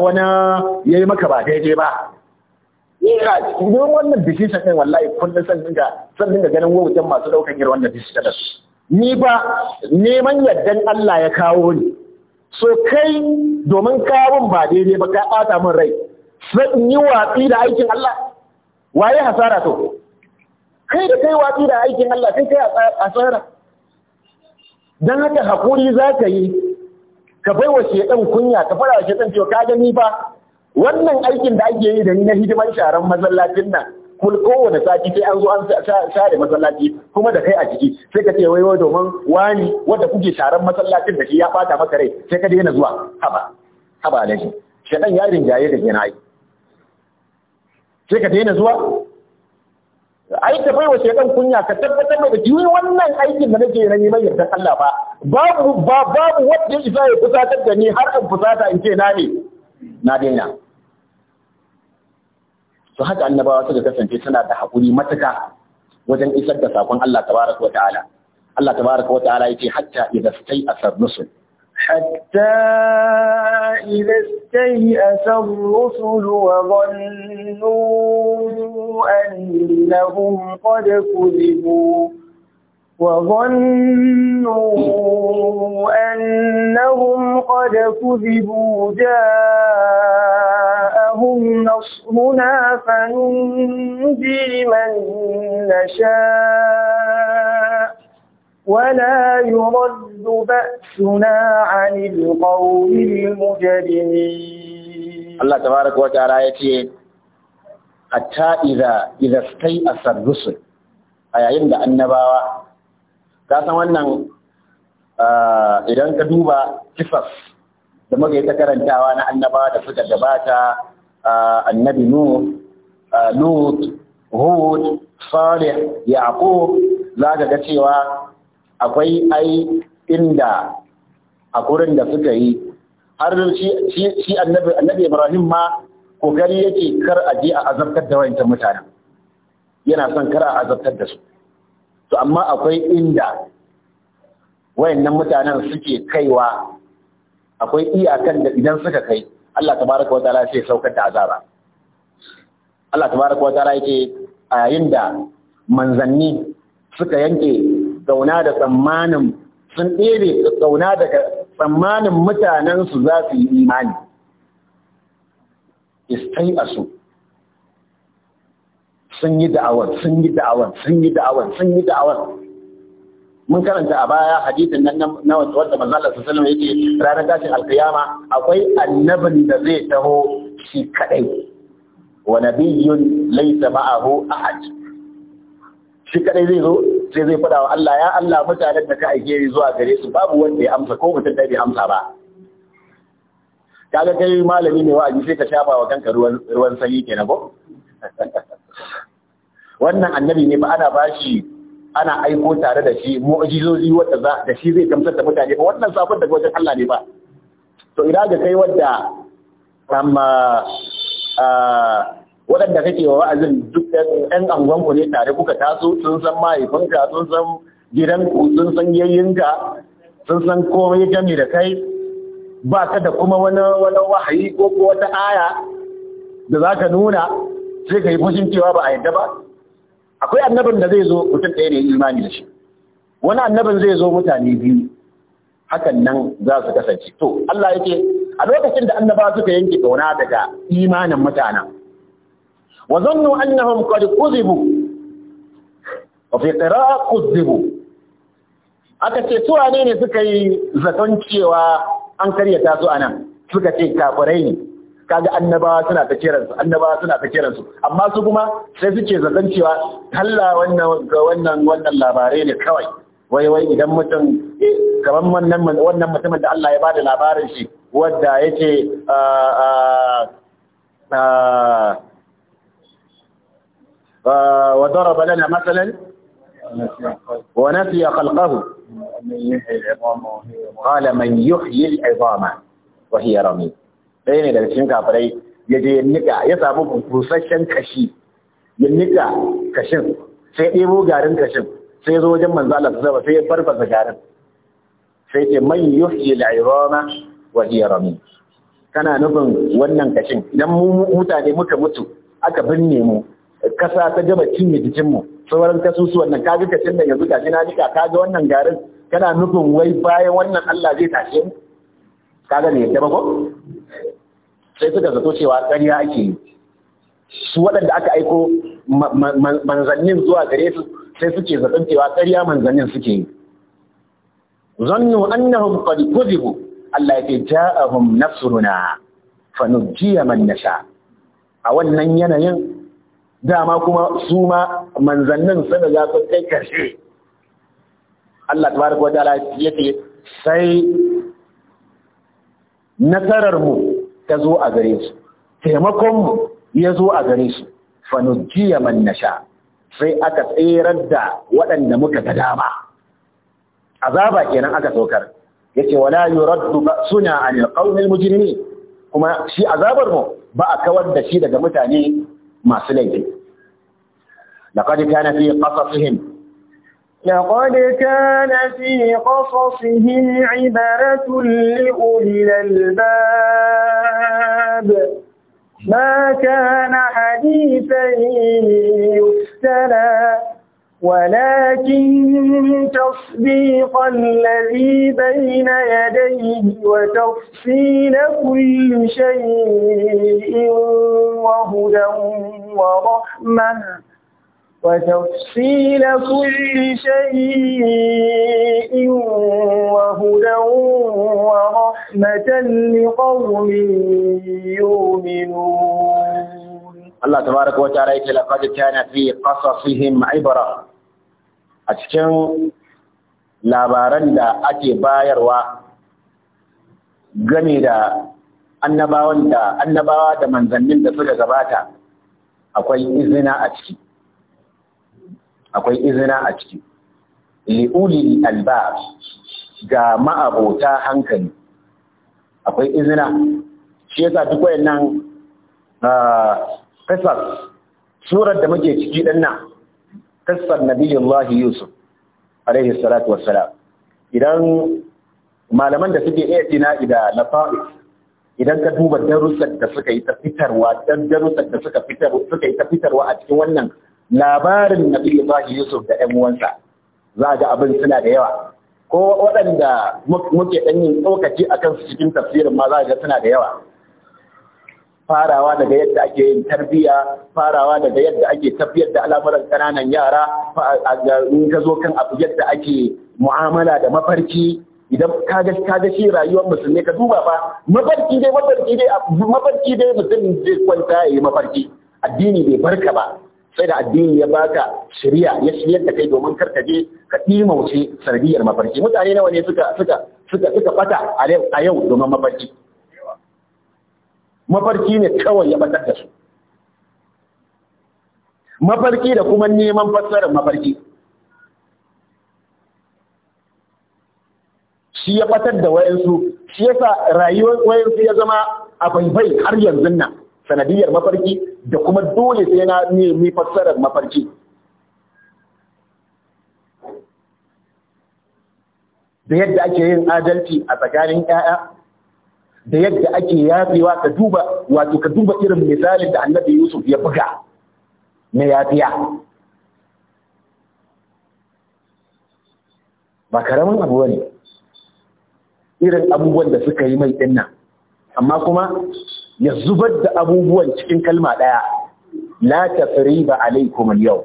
wani ya yi maka ba daidai ba ina don wannan decision din wallahi kullum san dinga san dinga ganin wawutan masu daukan irin wannan decision ni ba neman yardan Allah ya kawo ni so kai domin kawun ba daidai ba ka ɓata min rai sai in yi watsi da aikin Allah waye hasara to kai da kai watsi da aikin Allah kai kai hasara Don haka hakuri za ka yi ka bai wa shedan kunya ka faɗa fara shedan cewa ka gani ba wannan aikin da ake yi da ni na hidiman sharan masallacin nan kulko wani sati sai an zo an share masallaci kuma da kai a ciki sai ka ce wai domin wani wanda kuke sharan masallacin da shi ya fata maka rai sai ka daina zuwa haba haba da shi shaɗan ya rinjaye da kenan sai ka daina zuwa ai ta baiwa shaidan kunya ka tabbatar mai da yi wannan aikin da nake na neman yarda Allah ba babu babu wanda ya isa ya fusatar da ni har in fusata in ce na ne na daina to haka annabawa suka kasance suna da haƙuri matuka wajen isar da sakon Allah tabaraka wa ta'ala Allah tabaraka wa ta'ala yace hatta idza stay asar rusul حتى إذا استيأس الرسل وظنوا أنهم قد كذبوا وظنوا أنهم قد كذبوا جاءهم نصرنا فننجي من نشاء ولا يرد بأسنا عن القوم المجرمين الله تبارك وتعالى يتي حتى إذا إذا استيأس الرسل أي عند النبوة ka san wannan ah, idan ka duba kisas da muka yi ta karantawa na annaba da suka gabata ah, annabi ah, lut hud salih yaqub za ka ga cewa akwai ai inda a gurin da suka yi har shi annabi ibrahim ma kokari yake kar a je a azabtar da wayancan mutanen yana son kar a azabtar da su to amma akwai inda wayannan mutanen suke kaiwa akwai iyakan da idan suka kai Allah tabaraka wa ta'ala sai saukar da azaba Allah tabaraka wa ta'ala yake a yayin da manzanni suka yanke gauna da tsammanin sun ɗebe gauna daga tsammanin mutanensu za su yi imani istai asu. sun yi da'awar sun yi da'awar sun yi da'awar sun yi da'awar mun karanta a baya hadisin nan na wanda manzo Allah sallallahu alaihi yake ranar tashin alkiyama akwai annabin da zai taho shi kadai wa nabiyyun laysa ma'ahu ahad shi kadai zai zo sai zai fada wa Allah ya Allah mutanen da ka aike ni zuwa gare su babu wanda ya amsa ko mutum da bai amsa ba kaga kai malami ne wa'azi sai ka shafa wa kanka ruwan ruwan sanyi kenan ko wannan annabi ne ba ana bashi ana aiko tare da shi mu'jizozi wanda za da shi zai gamsar da mutane ba wannan sakon daga wajen Allah ne ba to idan ga kai wanda amma waɗanda kake wa wa'azin duk ɗan ku ne tare kuka taso sun san mahaifinka sun san gidanku sun san ka sun san komai gami da kai ba ka da kuma wani wani wahayi ko wata aya da zaka nuna sai ka yi fushin cewa ba a yadda ba akwai annabin da zai zo mutum ɗaya ne imani da shi wani annabin zai zo mutane biyu hakan nan za su kasance to Allah yake a lokacin da annaba suka yanke kauna daga imanin mutanen wa zannu annahum qad kuzibu wa fi qira'a kuzibu aka ce su wane ne suka yi zaton cewa an karyata su anan suka ce kafirai ne kaga annabawa suna ta kiransu annabawa suna ta kiransu amma su kuma sai suke zaton cewa talla wannan wannan wannan labarai ne kawai wai wai idan mutum eh, kamar wannan wannan mutumin da Allah ya bada labarin shi wanda yake وضرب لنا مثلا ونسي خلقه قال من يحيي العظام وهي رميم ɗaya ne daga cikin kafirai ya je ya nika ya samu busasshen kashi ya nika kashin sai ɗebo garin kashin sai zo wajen manzo Allah sallallahu sai ya farfasa garin sai ce man yuhyi al-irama wa hiya ramim kana nufin wannan kashin idan mu mutane muka mutu aka binne mu kasa ta gaba cinye jikin mu sauran kasusuwan wannan kaga kashin da yanzu gashi na nika kaga wannan garin kana nufin wai bayan wannan Allah zai tashi mu kaga ne yadda ba ko sai suka zato cewa ƙarya ake yi su waɗanda aka aiko manzannin zuwa gare su sai suke zaton cewa ƙarya manzannin suke yi zannu annahum qad kuzibu Allah ya ja'ahum nasruna fanujjiya man nasha a wannan yanayin dama kuma su ma manzannin sun za sun kai karshe Allah tabaraka wa ta'ala ya ce sai nasararmu mu ta zo a gare su taimakonmu ya zo a gare su fanujiya man nasha sai aka tserar da waɗanda muka ga dama azaba kenan aka saukar yace wala yuraddu suna 'anil qawmil mujrimin kuma shi azabar mu ba a kawar da shi daga mutane masu laifi laqad na fi qasasihim لقد كان في قصصهم عبرة لأولي الألباب ما كان حديثا يفترى ولكن تصديق الذي بين يديه وتفصيل كل شيء وهدى ورحمه وتفصيل كل شيء وهدى ورحمة لقوم يؤمنون الله تبارك وتعالى لقد كان في قصصهم عبرة أتكن labaran da ake bayarwa game da annabawan da annabawa da manzannin da suka gabata akwai izina a ciki akwai izina a ciki li'uli albab ga ma'abota hankali akwai izina shi yasa duk wayannan kasar ah, surar da muke ciki din nan kasar nabiyullahi yusuf alaihi salatu wassalam idan malaman da suke iya tina'i da lafa'is idan ka duba darussan da suka yi ta fitarwa dan darussan da suka fitar suka yi ta fitarwa a cikin wannan labarin Nabi Ibrahim Yusuf da ‘yan uwansa za ga abin suna da yawa. Ko waɗanda muke ɗan yin tsokaci a kansu cikin tafsirin ma za ga suna da yawa. Farawa daga yadda ake yin tarbiyya, farawa daga yadda ake tafiyar da al'amuran ƙananan yara, in ka zo kan abu yadda ake mu'amala da mafarki, idan ka ga shi rayuwar musulmi ka duba ba mafarki dai mafarki dai mafarki dai mutum zai kwanta ya yi mafarki addini bai barka ba sai da addini ya baka shari'a ya shirya da kai domin kar ka je ka dimauce sanadiyar mafarki mutane nawa ne suka suka suka suka fata a yau domin mafarki mafarki ne kawai ya batar da su mafarki da kuma neman fassarar mafarki shi ya batar da wayansu shi yasa rayuwar wayansu ya zama a baibai har yanzu nan sanadiyar mafarki da kuma dole sai na nemi fassarar mafarki da yadda ake yin adalci a tsakanin 'ya'ya da yadda ake yafewa ka duba wato ka duba irin misalin da annabi Yusuf ya buga na yafiya ba karamin abu bane irin abubuwan da suka yi mai nan, amma kuma ya zubar da abubuwan cikin kalma ɗaya la tafriba alaikum yau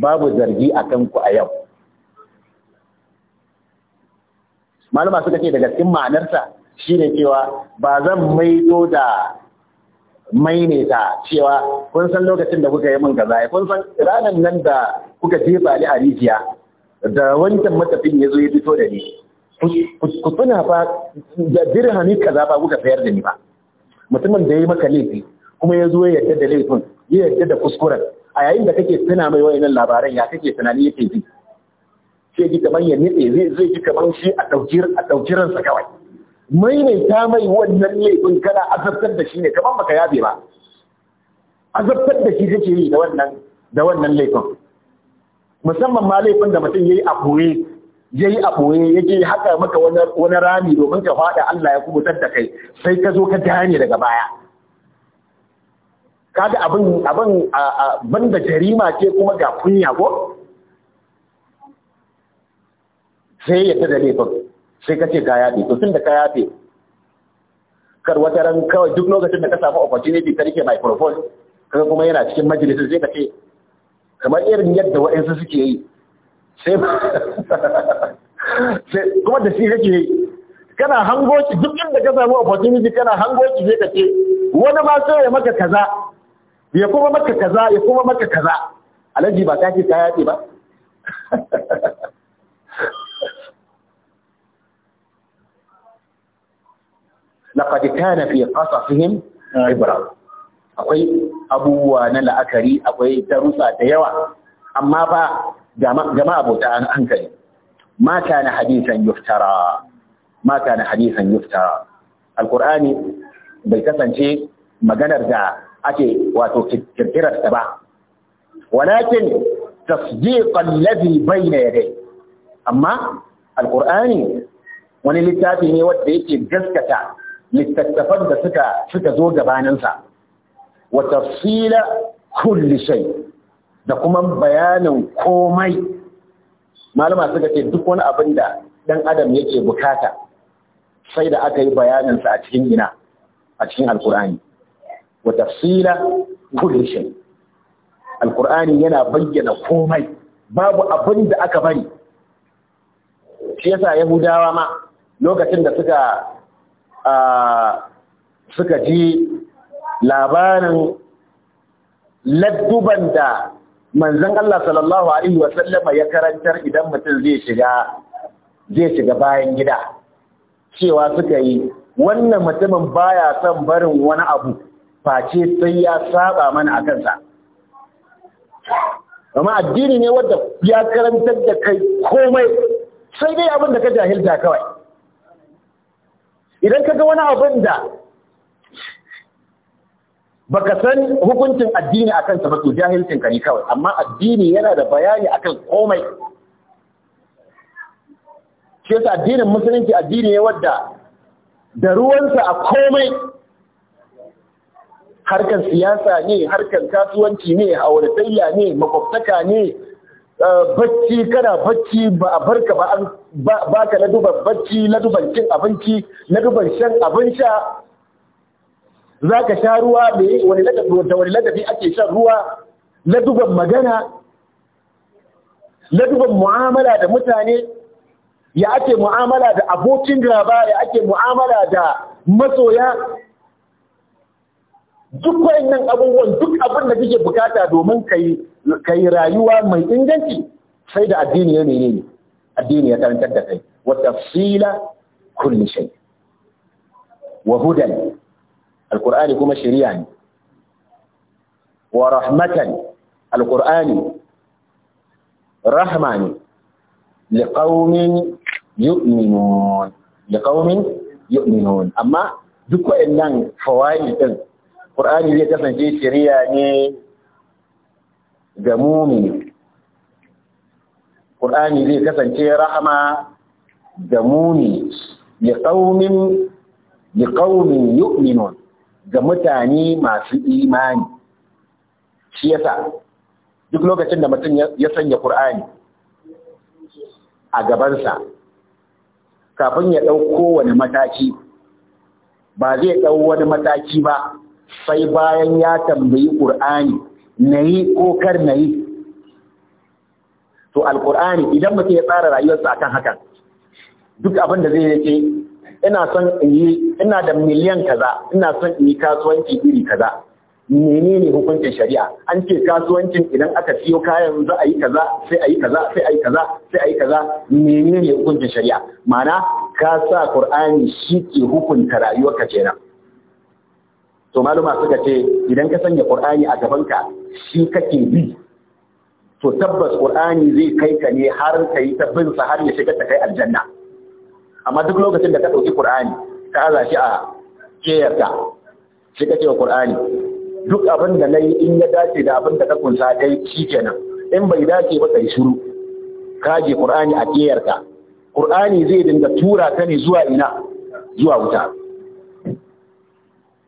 babu zargi a kanku a yau malama suka ce daga cikin ma'anarsa shine cewa ba zan maido da maimaita cewa kun san lokacin da kuka yi min gaza, kun san ranar nan da kuka jefa ni a rijiya da wancan matafin ya zo ya fito da ni ku tuna fa da dirhami kaza ba kuka sayar da ni ba mutumin da ya yi maka laifi kuma ya zo ya yadda da laifin ya yadda da kuskuren a yayin da kake tuna mai wayannan labaran ya kake tunani yake ji ke ji kamar ya nitse zai zai ji kamar shi a ɗauki a kawai. ransa kawai ta mai wannan laifin kana azabtar da shi ne kamar baka yabe ba azabtar da shi kake yi da wannan da wannan laifin musamman ma laifin da mutum yayi a koye Yayi yi a ɓoye ya ke haka maka wani rami domin ka faɗa Allah ya kubutar da kai sai ka zo ka dane daga baya Kada abin abin banda jarima ce kuma ga kunya ko sai ya tada laifin sai ka ce ka yafe to tun da ka yafe kar wata ran kawai duk lokacin da ka samu opportunity ka rike microphone kaga kuma yana cikin majalisar sai ka ce kamar irin yadda waɗansu suke yi sai kuma da shi kake yi kana hango ki duk inda ka samu opportunity kana hango ki sai kace wani ma sai ya maka kaza ya kuma maka kaza ya kuma maka kaza alaji ba ka ce ka yaɗe ba لقد كان في قصصهم عبره akwai abubuwa na la'akari akwai darussa da yawa amma ba Gama bauta an hankali ma kana hadisan yuftara ma kana hadisan yuftara alqur'ani bai kasance maganar da ake wato kirkirar ba walakin tasdiqan ladhi bayna yadayhi amma alqur'ani wani littafi ne wanda yake gaskata littattafan da suka suka zo gabaninsa wa tafsila kulli shai. da kuma bayanin komai malama suka ce duk wani abin da ɗan adam yake bukata sai da aka yi bayaninsa a cikin ina a cikin alkur'ani wa tafsira kulli alkur'ani yana bayyana komai babu abin da aka bari shi yasa yahudawa ma lokacin da suka suka ji labarin ladduban da manzon Allah sallallahu alaihi wasallama ya karantar idan mutum zai shiga bayan gida cewa suka yi wannan mutumin baya son barin wani abu face sai ya saba mana a kansa amma addini ne wadda ya karantar da kai komai sai dai abin da ka jahilta kawai idan ka ga wani abin da Ba ka san hukuncin addini akan kansa ba jahilcin ka kawai amma addini yana da bayani akan komai shi yasa addinin musulunci addini ne wadda da ruwansa a komai harkar siyasa ne harkar kasuwanci ne auratayya ne makwabtaka ne eh, bacci kana bacci ba a barka ba an baka na duban bacci na duban cin abinci na duban shan abin sha za ka sha ruwa da wani ladabi ake shan ruwa laduban magana laduban mu'amala da mutane ya ake mu'amala da abokin gaba ya ake mu'amala da masoya duk wayannan abubuwan duk abin da kike bukata domin ka yi rayuwa mai inganci sai da addini ya ne addini ya karantar da kai wata fila kulli shai wa hudan القرآن كما شريان ورحمة القرآن رحمن لقوم يؤمنون لقوم يؤمنون أما دكو إنان فوائد القرآن يتفن جي شريان جمومي القرآن يريد كسن شي رحمة جمومي لقوم لقوم يؤمنون ga mutane masu imani shi yasa duk lokacin da mutum ya sanya Kur'ani a gabansa kafin ya ɗauko wani mataki ba zai ɗau wani mataki ba sai bayan ya tambayi Kur'ani na yi ko kar na yi to al alƙur'ani idan mutum ya tsara rayuwarsa akan hakan duk abin da zai yake ina son in yi ina da miliyan kaza ina son in yi kasuwanci iri kaza menene hukuncin shari'a an ce kasuwancin idan aka siyo kayan za a yi kaza sai a yi kaza sai a yi kaza sai a yi kaza menene hukuncin shari'a ma'ana ka sa qur'ani shi ke hukunta rayuwar ka kenan to maluma suka ce idan ka sanya qur'ani a gabanka shi kake bi to tabbas qur'ani zai kai ka ne har kai yi ta bin sa har ya shiga ta kai aljanna amma duk lokacin da ka ɗauki ƙur'ani, ka haza shi a keyarta shi ka cewa ƙur'ani. duk abin da na yi in ya dace da abin da ka kunsa kai shi kenan in bai dace ba kai shiru ka je ƙur'ani a keyarta Ƙur'ani zai dinga tura ka ne zuwa ina zuwa wuta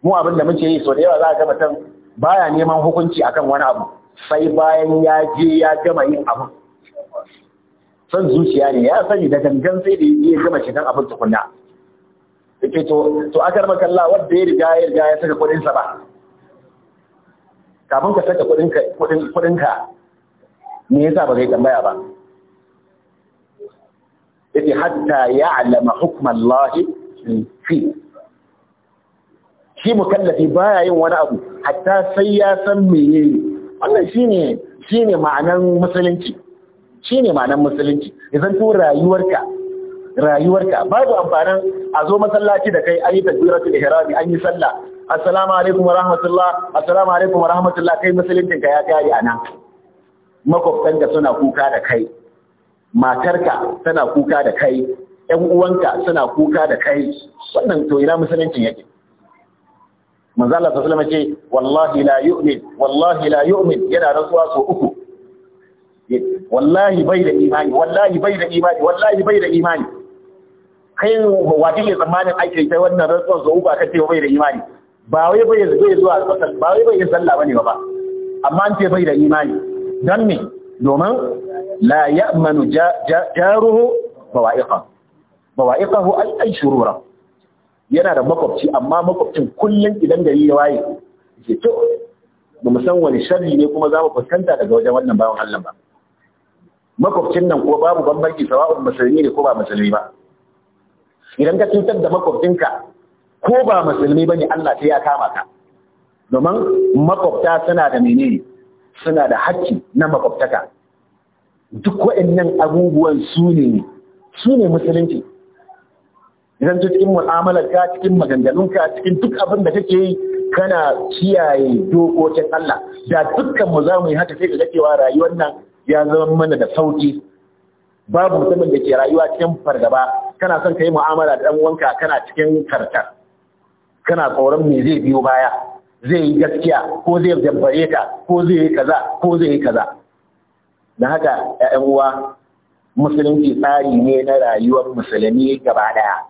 mu abin da muke yi sau da yawa za a gama mutum baya neman hukunci akan wani abu sai bayan ya je ya gama yin abu. son zuciya ne ya sani da gangan sai da ya gama shigan abin tukunna yake to to akar makalla wanda ya riga ya riga ya saka kudin sa ba kafin ka saka kudin ka kudin kudin ka me yasa ba kai tambaya ba yake hatta ya'lama hukman Allah fi shi mukallafi baya yin wani abu hatta sai ya san meye wannan shine shine ma'anan musulunci shi ne ma'anar musulunci idan tun rayuwarka rayuwarka babu amfanin a zo masallaci da kai an yi da hirabi an yi sallah assalamu alaikum wa rahmatullah assalamu alaikum wa rahmatullah kai musulunci ka ya kare anan ka suna kuka da kai matarka tana kuka da kai Ƴan uwanka suna kuka da kai wannan to ina musuluncin yake manzala sassalama ce wallahi la yu'min wallahi la yu'min yana rasuwa so uku wallahi bai da imani wallahi bai da imani wallahi bai da imani kai wa kike tsammanin ake ta wannan rantsuwar zo ba kace bai da imani ba wai bai zai zuwa ba wai bai sallah bane ba amma an ce bai da imani dan me domin la ya'manu jaruhu bawa'iqa bawa'iqahu ay shurura yana da makwabci amma makwabcin kullun idan gari ya waye ke to ba mu san wani sharri ne kuma za mu fuskanta daga wajen wannan bayan Allah ba makwabcin nan ko babu bambanci sawa'un musulmi ne ko ba musulmi ba idan ka cutar da makwabcinka ko ba musulmi ba ne Allah sai ya kama ka domin makwabta suna da menene suna da hakki na makwabtaka duk waɗannan abubuwan su ne su ne musulunci idan cikin mu'amalar ka cikin maganganunka cikin duk abin da kake yi kana kiyaye dokokin Allah da dukkan mu za mu yi haka sai ga cewa rayuwar nan ya zama mana da sauki babu mutumin da ke rayuwa cikin fargaba kana son ka yi mu'amala da ɗan kana cikin karkar kana tsoron me zai biyo baya zai yi gaskiya ko zai jambare ka ko zai yi kaza ko zai yi kaza da haka 'ya'yan uwa musulunci tsari ne na rayuwar musulmi gaba ɗaya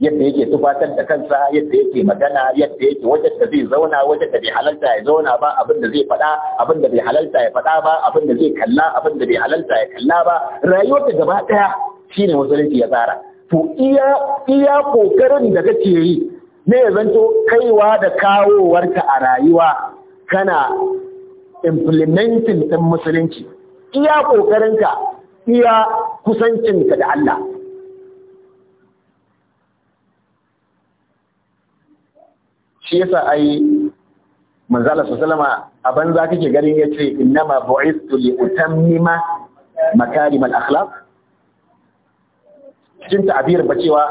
yadda yake tufatar da kansa yadda yake magana yadda yake wajen da zai zauna wajen da bai halalta ya zauna ba abin da zai faɗa abin da bai halarta ya faɗa ba abin da zai kalla abin da bai halarta ya kalla ba rayuwar da gaba ɗaya shine musulunci ya tsara to iya iya kokarin da kake yi ne ya zanto kaiwa da kawowarka a rayuwa kana implementing ɗin musulunci iya kokarinka iya kusancinka da Allah shi yasa ai manzo Allah sallama a banza kake ganin yace innama bu'istu li utammima makarim al-akhlaq cikin ta'abir ba cewa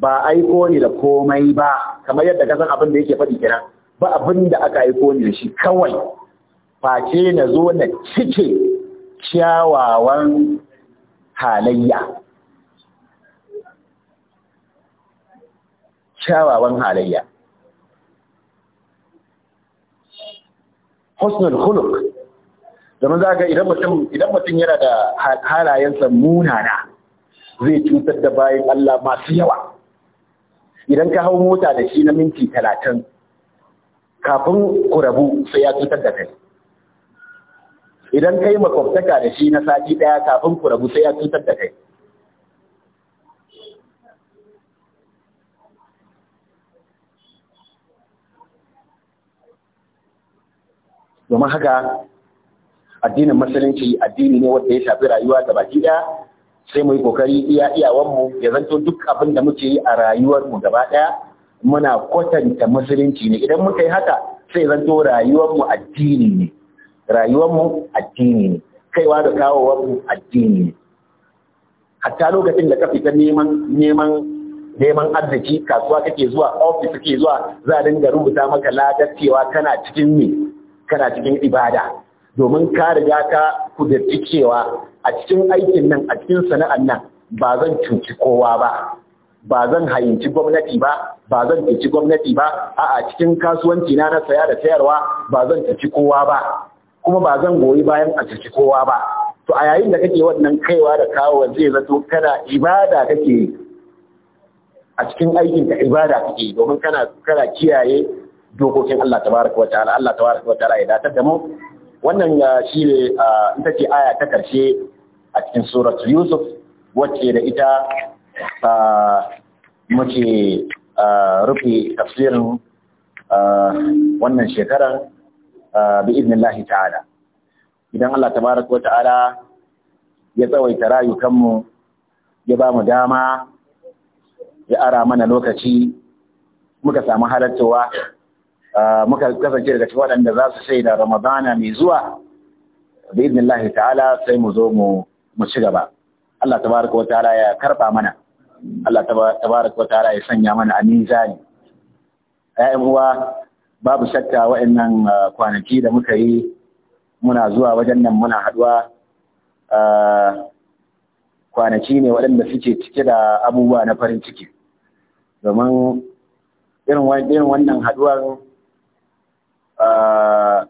ba aiko ni da komai ba kamar yadda ka san abin da yake faɗi kira ba abin da aka aiko ni da shi kawai face na zo na cike kyawawan halayya kyawawan halayya husnul khuluq domin za ga idan mutum idan mutum yana da halayensa munana zai cutar da bayan Allah masu yawa idan ka hau mota da shi na minti talatin kafin ku rabu sai ya cutar da kai idan ka yi makwabtaka da shi na sati ɗaya kafin ku rabu sai ya cutar da kai domin haka addinin musulunci addini ne wanda ya shafi rayuwa da baki ɗaya sai mu yi kokari iya iyawanmu ya zanto duk abin da muke yi a rayuwarmu gaba ɗaya muna kwatanta musulunci ne idan muka yi haka sai zanto rayuwarmu addini ne rayuwarmu addini ne kaiwa da kawowarmu addini ne hatta lokacin da ka fita neman neman neman arziki kasuwa kake zuwa ofis kake zuwa za a dinga rubuta maka ladar cewa kana cikin me kana cikin ibada domin ka riga ka kudurci cewa a cikin aikin nan a cikin sana'an nan ba zan cuci kowa ba ba zan hayinci gwamnati ba ba zan cuci gwamnati ba a a cikin kasuwanci na na saya da sayarwa ba zan cuci kowa ba kuma ba zan goyi bayan a cuci kowa ba to a yayin da kake wannan kaiwa da kawo zai zato kana ibada kake a cikin aikin ka ibada kake domin kana kana kiyaye dokokin Allah tabaraka wa Allah tabaraka wa ya datar da mu wannan uh, shi ne uh, ita ce aya ta karshe a cikin suratu Yusuf wacce da ita uh, muke rufe tafsirin wannan shekarar bi iznillahi ta'ala idan Allah tabaraka wa ya tsawaita rayukanmu ya ba mu dama ya ara mana lokaci muka samu halartowa muka kasance daga cikin waɗanda za su shaida ramadana mai zuwa da iznillahi ta'ala sai mu zo mu ci gaba Allah wa ta'ala ya karba mana Allah wa ta'ala ya sanya mana a mizani ƴaƴan uwa babu shakka wa'annan kwanaki da muka yi muna zuwa wajen nan muna haɗuwa kwanaki ne waɗanda suke cike da abubuwa na farin ciki domin irin wannan haɗuwar Ah,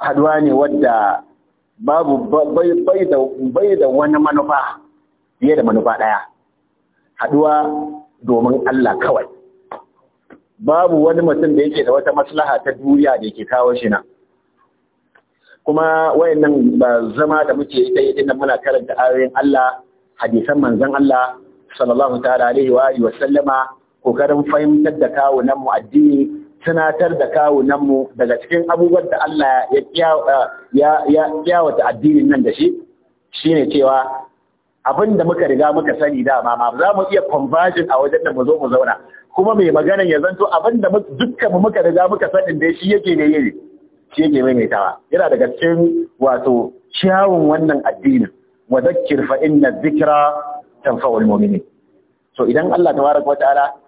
haduwa ne wadda babu bai da wani manufa fiye da manufa ɗaya haduwa domin Allah kawai babu wani mutum da yake da wata maslaha ta duniya da yake kawo shi nan kuma wayannan ba zama da muke ita yi dinnan muna karanta ayoyin Allah hadisan manzon Allah sallallahu ta'ala alaihi wa sallama kokarin fahimtar da kawo nan tunatar da kawunanmu daga cikin abubuwan da Allah ya kyawata addinin nan da shi shi ne cewa abin da muka riga muka sani dama ma za mu iya conversion a wajen da mu zo mu zauna kuma mai magana ya zanto abin da dukkan mu muka riga muka sani da shi yake ne yi, shi yake mai tawa yana daga cikin wato kyawun wannan addinin wa dhakkir fa inna dhikra tanfa'ul mu'minin so idan Allah tabaraka wa ta'ala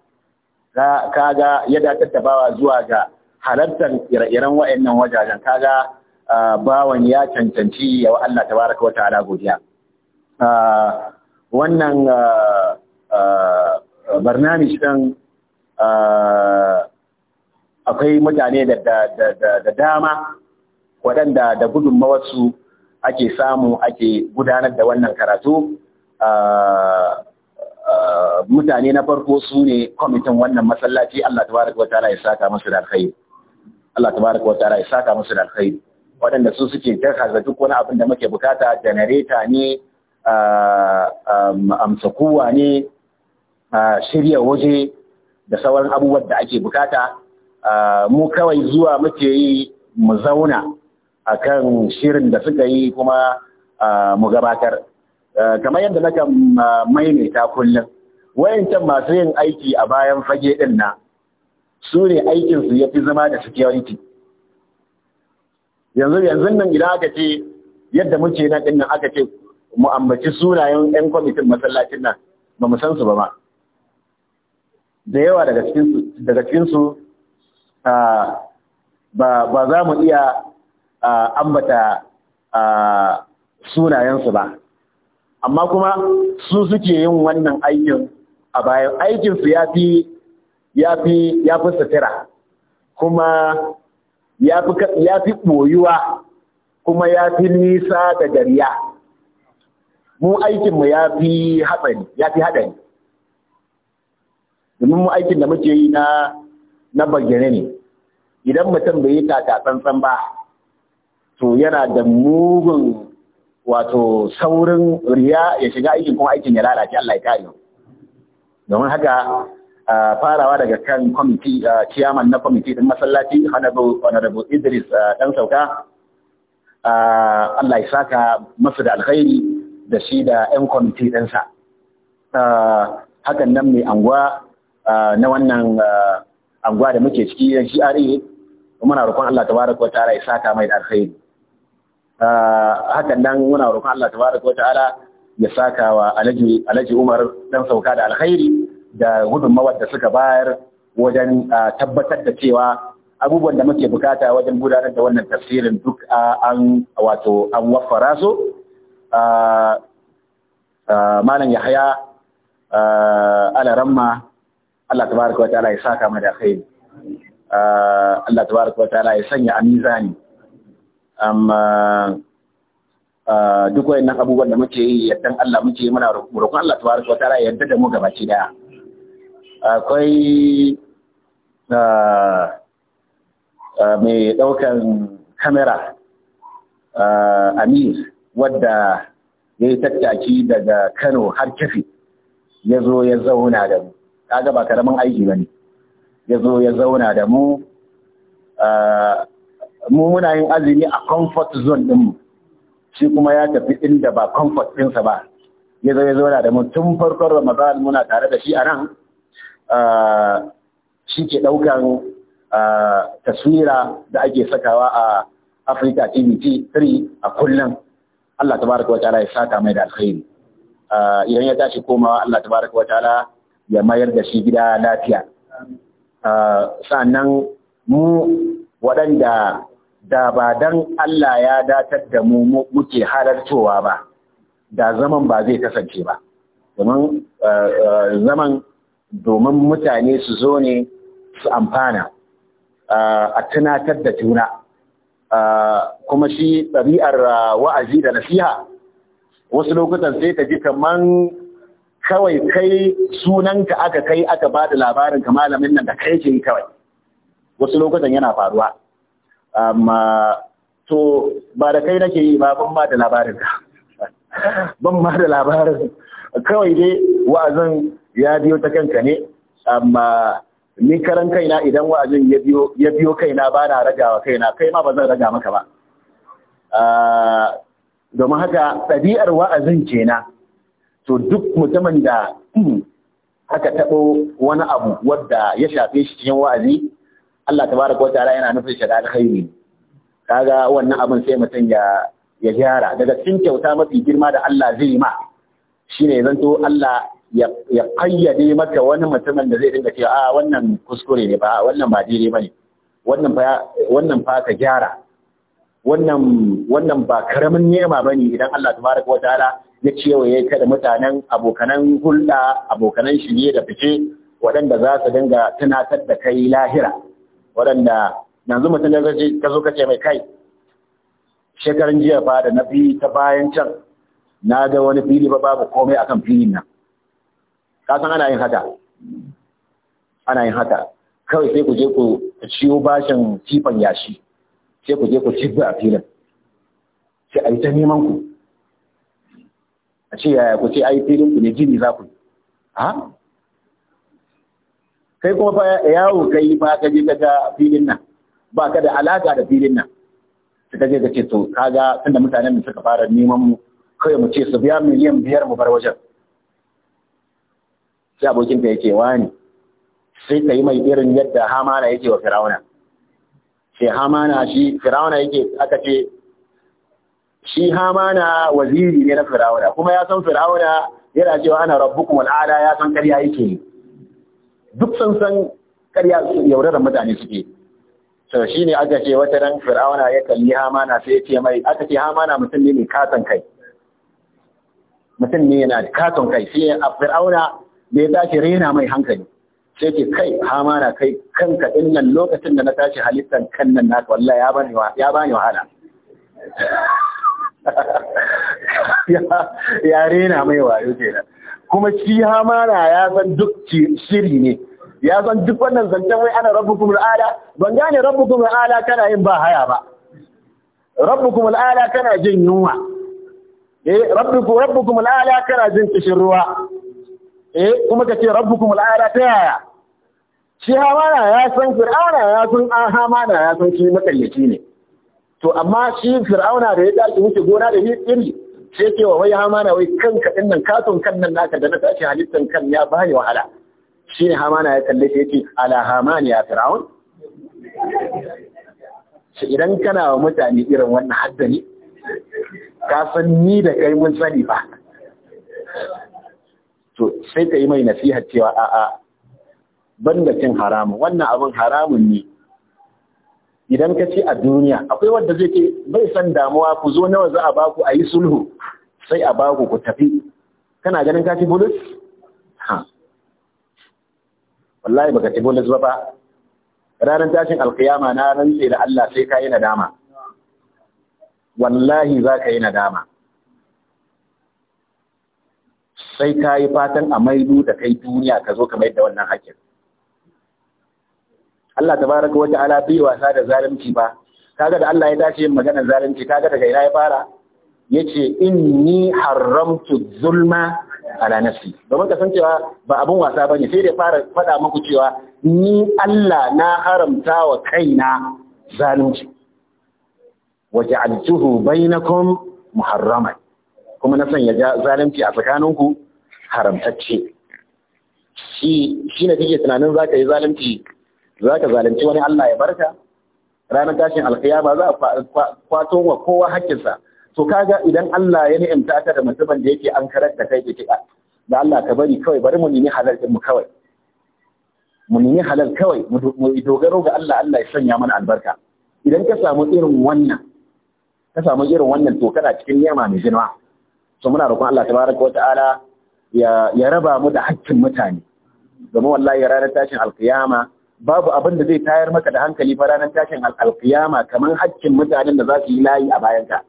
kaga ya datar da bawa zuwa ga halartar ire-iren wa'annan wajajen kaga bawan ya cancanci ya wa Allah tabaraka wa ta'ala godiya wannan barnamish din akwai mutane da dama waɗanda da gudunmawarsu ake samu ake gudanar da wannan karatu mutane na farko su ne kwamitin wannan masallaci Allah tabaraka wataala ya saka musu da alkhairi Allah tabaraka wataala ya saka musu da alkhairi waɗanda su suke da duk wani abin da muke bukata janareta ne amsakuwa ne shirya waje da sauran abubuwan da ake bukata mu kawai zuwa muke yi mu zauna akan shirin da suka yi kuma mu gabatar Eh, kamar yadda na kan maimaita kullum wayancan masu yin aiki a bayan fage din na su ne aikinsu ya fi zama da security yanzu yanzu nan idan aka ce yadda muke nan din nan aka ce mu ambaci sunayen yan kwamitin masallacin nan ba mu san su ba ma da yawa daga cikinsu daga cikinsu ba za mu iya ambata sunayensu ba amma kuma su suke yin wannan aikin a bayan aikinsu ya fi ya fi ya fi satira kuma ya fi ya fi ɓoyuwa kuma ya fi nisa da gariya mu aikinmu ya fi haɗari ya fi haɗari domin mu aikin da muke yi na na bagire ne idan mutum bai yi taka ba to yana da mugun wato saurin riya ya shiga aikin kuma aikin ya lalace Allah ya kare domin haka farawa daga kan kwamiti ciyaman na kwamiti din masallaci honorable Idris dan sauka Allah ya saka masu da alkhairi da shi da 'yan kwamiti ɗinsa hakan nan mai anguwa na wannan anguwa da muke ciki da shi kuma muna roƙon Allah tabaraka wa ta'ala ya saka mai da alkhairi Ah, hakan nan muna roƙon Allah tabaraka wa ta'ala ya saka wa Alhaji Umar dan sauka da alkhairi da gudunmawar da suka bayar wajen ah, tabbatar da cewa abubuwan da muke bukata wajen gudanar da wannan tafsirin duk ah, an wato an waffara su malam Yahaya ramma Allah tabaraka wa ta'ala ya saka mu da alkhairi Allah tabaraka wa ta'ala ya sanya a mizani amma ah, duk wayannan abubuwan da muke yi yaddan Allah muke yi muna roƙon Allah tabaraka wataala ya yarda da mu gabaci daya akwai ah, ah, mai ɗaukan kamera Amir wadda ya yi tattaki daga Kano har Kefi ya zo ya zauna da mu kaga ba karamin aiki ba ne ya zo ya zauna da mu mu muna yin azumi a comfort zone mu shi kuma ya tafi inda ba comfort ɗinsa ba ya zo ya zauna da mu tun farkon ramadan muna tare da shi a nan ah, shi ke ɗaukan ah, taswira da ake sakawa a Africa tv 3 a kullum Allah tabaraka wa ta'ala ya saka mai da alkhairi ah, idan ya tashi komawa Allah tabaraka wa ta'ala ya mayar da shi gida lafiya sannan mu waɗanda da ba dan Allah ya datar da mu muke halartowa ba da zaman ba zai kasance ba domin eh, eh, zaman domin mutane su zo ne su amfana eh, a tunatar da juna kuma shi ɗabi'ar wa'azi da nasiha wasu lokutan sai ka ji kaman kawai kai sunanka aka kai aka ba da labarin ka malamin nan da kai ce yi kawai wasu lokutan yana faruwa amma to ba da kai nake yi ba ban ma da labarin ka ban ma da labarin kawai dai wa'azin ya biyo ta kanka ne amma ni karan kaina idan wa'azin ya biyo kaina ba na ragawa kaina kai ma ba zan raga maka ba ah, domin haka ɗabi'ar wa'azin kenan to duk mutumin da hmm, aka taɓo wani abu wadda ya shafe shi cikin wa'azi Allah tabaraka wa yana nufin shiga alkhairi kaga wannan abin sai mutum ya ya gyara daga cikin kyauta mafi girma da Allah zai ma shine zanto Allah ya kayyade maka wani mutumin da zai dinga cewa a wannan kuskure ne ba wannan ba daidai bane wannan fa wannan fa ka gyara wannan ba karamin nema bane idan Allah tabaraka wataala ya ce wa yayi kada mutanen abokanan hulɗa abokanan shige da fice waɗanda za su dinga tunatar da kai lahira waɗanda yanzu mutum ya zai ka zo ka mai kai shekaran jiya ba da na fi ta bayan can na ga wani fili ba babu komai akan filin nan ka san ana yin haka ana yin haka kawai sai ku je ku ciwo bashin cifan yashi sai ku je ku cibbi a filin sai a yi ta neman ku a ce yaya ku ce yi filin ku ne jini za ku ha ah? kai kuma fa yawo kai fa ka je ka ga filin nan ba ka da alaka da filin nan ka je ka ce to kaga tunda mutanen mu suka fara neman mu kai mu ce su biya miliyan biyar mu bar wajen sai abokin ka yake wani sai ka yi mai irin yadda hamana yake wa firawuna sai hamana shi firawuna yake aka ce shi hamana waziri ne na firawuna kuma ya san firawuna yana cewa ana rabbukum al'ada ya san karya yake yi duk sun san karya da mutane suke to shi ne aka ce wata ran fir'auna ya kalli hamana sai ya ce mai aka ce hamana mutum ne mai katon kai mutum ne yana katon kai sai a fir'auna da ya tashi rena mai hankali sai ce kai hamana kai kanka din nan lokacin da na tashi halittar kan nan naka wallahi ya bani ya bani wahala ya rena mai wayo kenan kuma shi hamana ya san duk shiri ne ya san duk wannan zancen wai ana kuma al'ada, ban gane kuma al'ada kana yin ba haya ba kuma al'ada kana jin yunwa eh rabbukum kuma al'ada kana jin kishin ruwa eh kuma kace kuma al'ada ta yaya shi hamana ya san fir'auna ya san an ya san shi makallaci ne to amma shi fir'auna da ya dace wuce gona da iri sai ke wa wai hamana wai kanka din nan katon kan nan naka da na tashi halittan kan ya bani wahala shi ne hamana ya kalli shi yake ala hamani ya Firawun? shi idan kana wa mutane irin wannan haddani ka ni da kai mun sani ba to sai ka yi mai nasiha cewa a'a da cin haramun wannan abin haramun ne idan ka ce a duniya akwai wanda zai ce bai san damuwa ku zo nawa za a baku a yi sulhu sai a baku ku tafi kana ganin kashi bulus wallahi baka ci bonus ba fa ranar tashin alkiyama na rantse da Allah sai ka yi nadama wallahi za ka yi nadama sai ka yi fatan a maido da kai duniya ka zo ka yadda da wannan hakin Allah tabaraka wata ala bai wasa da zalunci ba kaga da Allah ya tashi yin maganar zalunci kaga daga ina ya fara yace inni haramtu zulma ala nafsi domin kasancewa ba abin wasa bane sai da fara faɗa muku cewa ni Allah na haramta wa kaina zalunci wa ja'altuhu bainakum muharrama kuma na san ya zalunci a tsakaninku haramtacce shi shi ne kike tunanin zaka yi zalunci zaka zalunci wani Allah ya barka ranar tashin alkiyama za a kwato wa kowa hakkinsa to kaga idan Allah ya ni'imta ka da mutumin da yake an karar da kai yake da Allah ka bari kawai bari mu nemi halal mu kawai mu nemi halal kawai mu dogaro ga Allah Allah ya sanya mana albarka idan ka samu irin wannan ka samu irin wannan to kana cikin ni'ima mai jinwa to muna roƙon Allah tabaraka wa ta'ala ya ya raba mu da haƙƙin mutane domin wallahi ranar tashin alkiyama babu abin da zai tayar maka da hankali fa ranar tashin alkiyama kamar haƙƙin mutanen da za su yi layi a bayan ka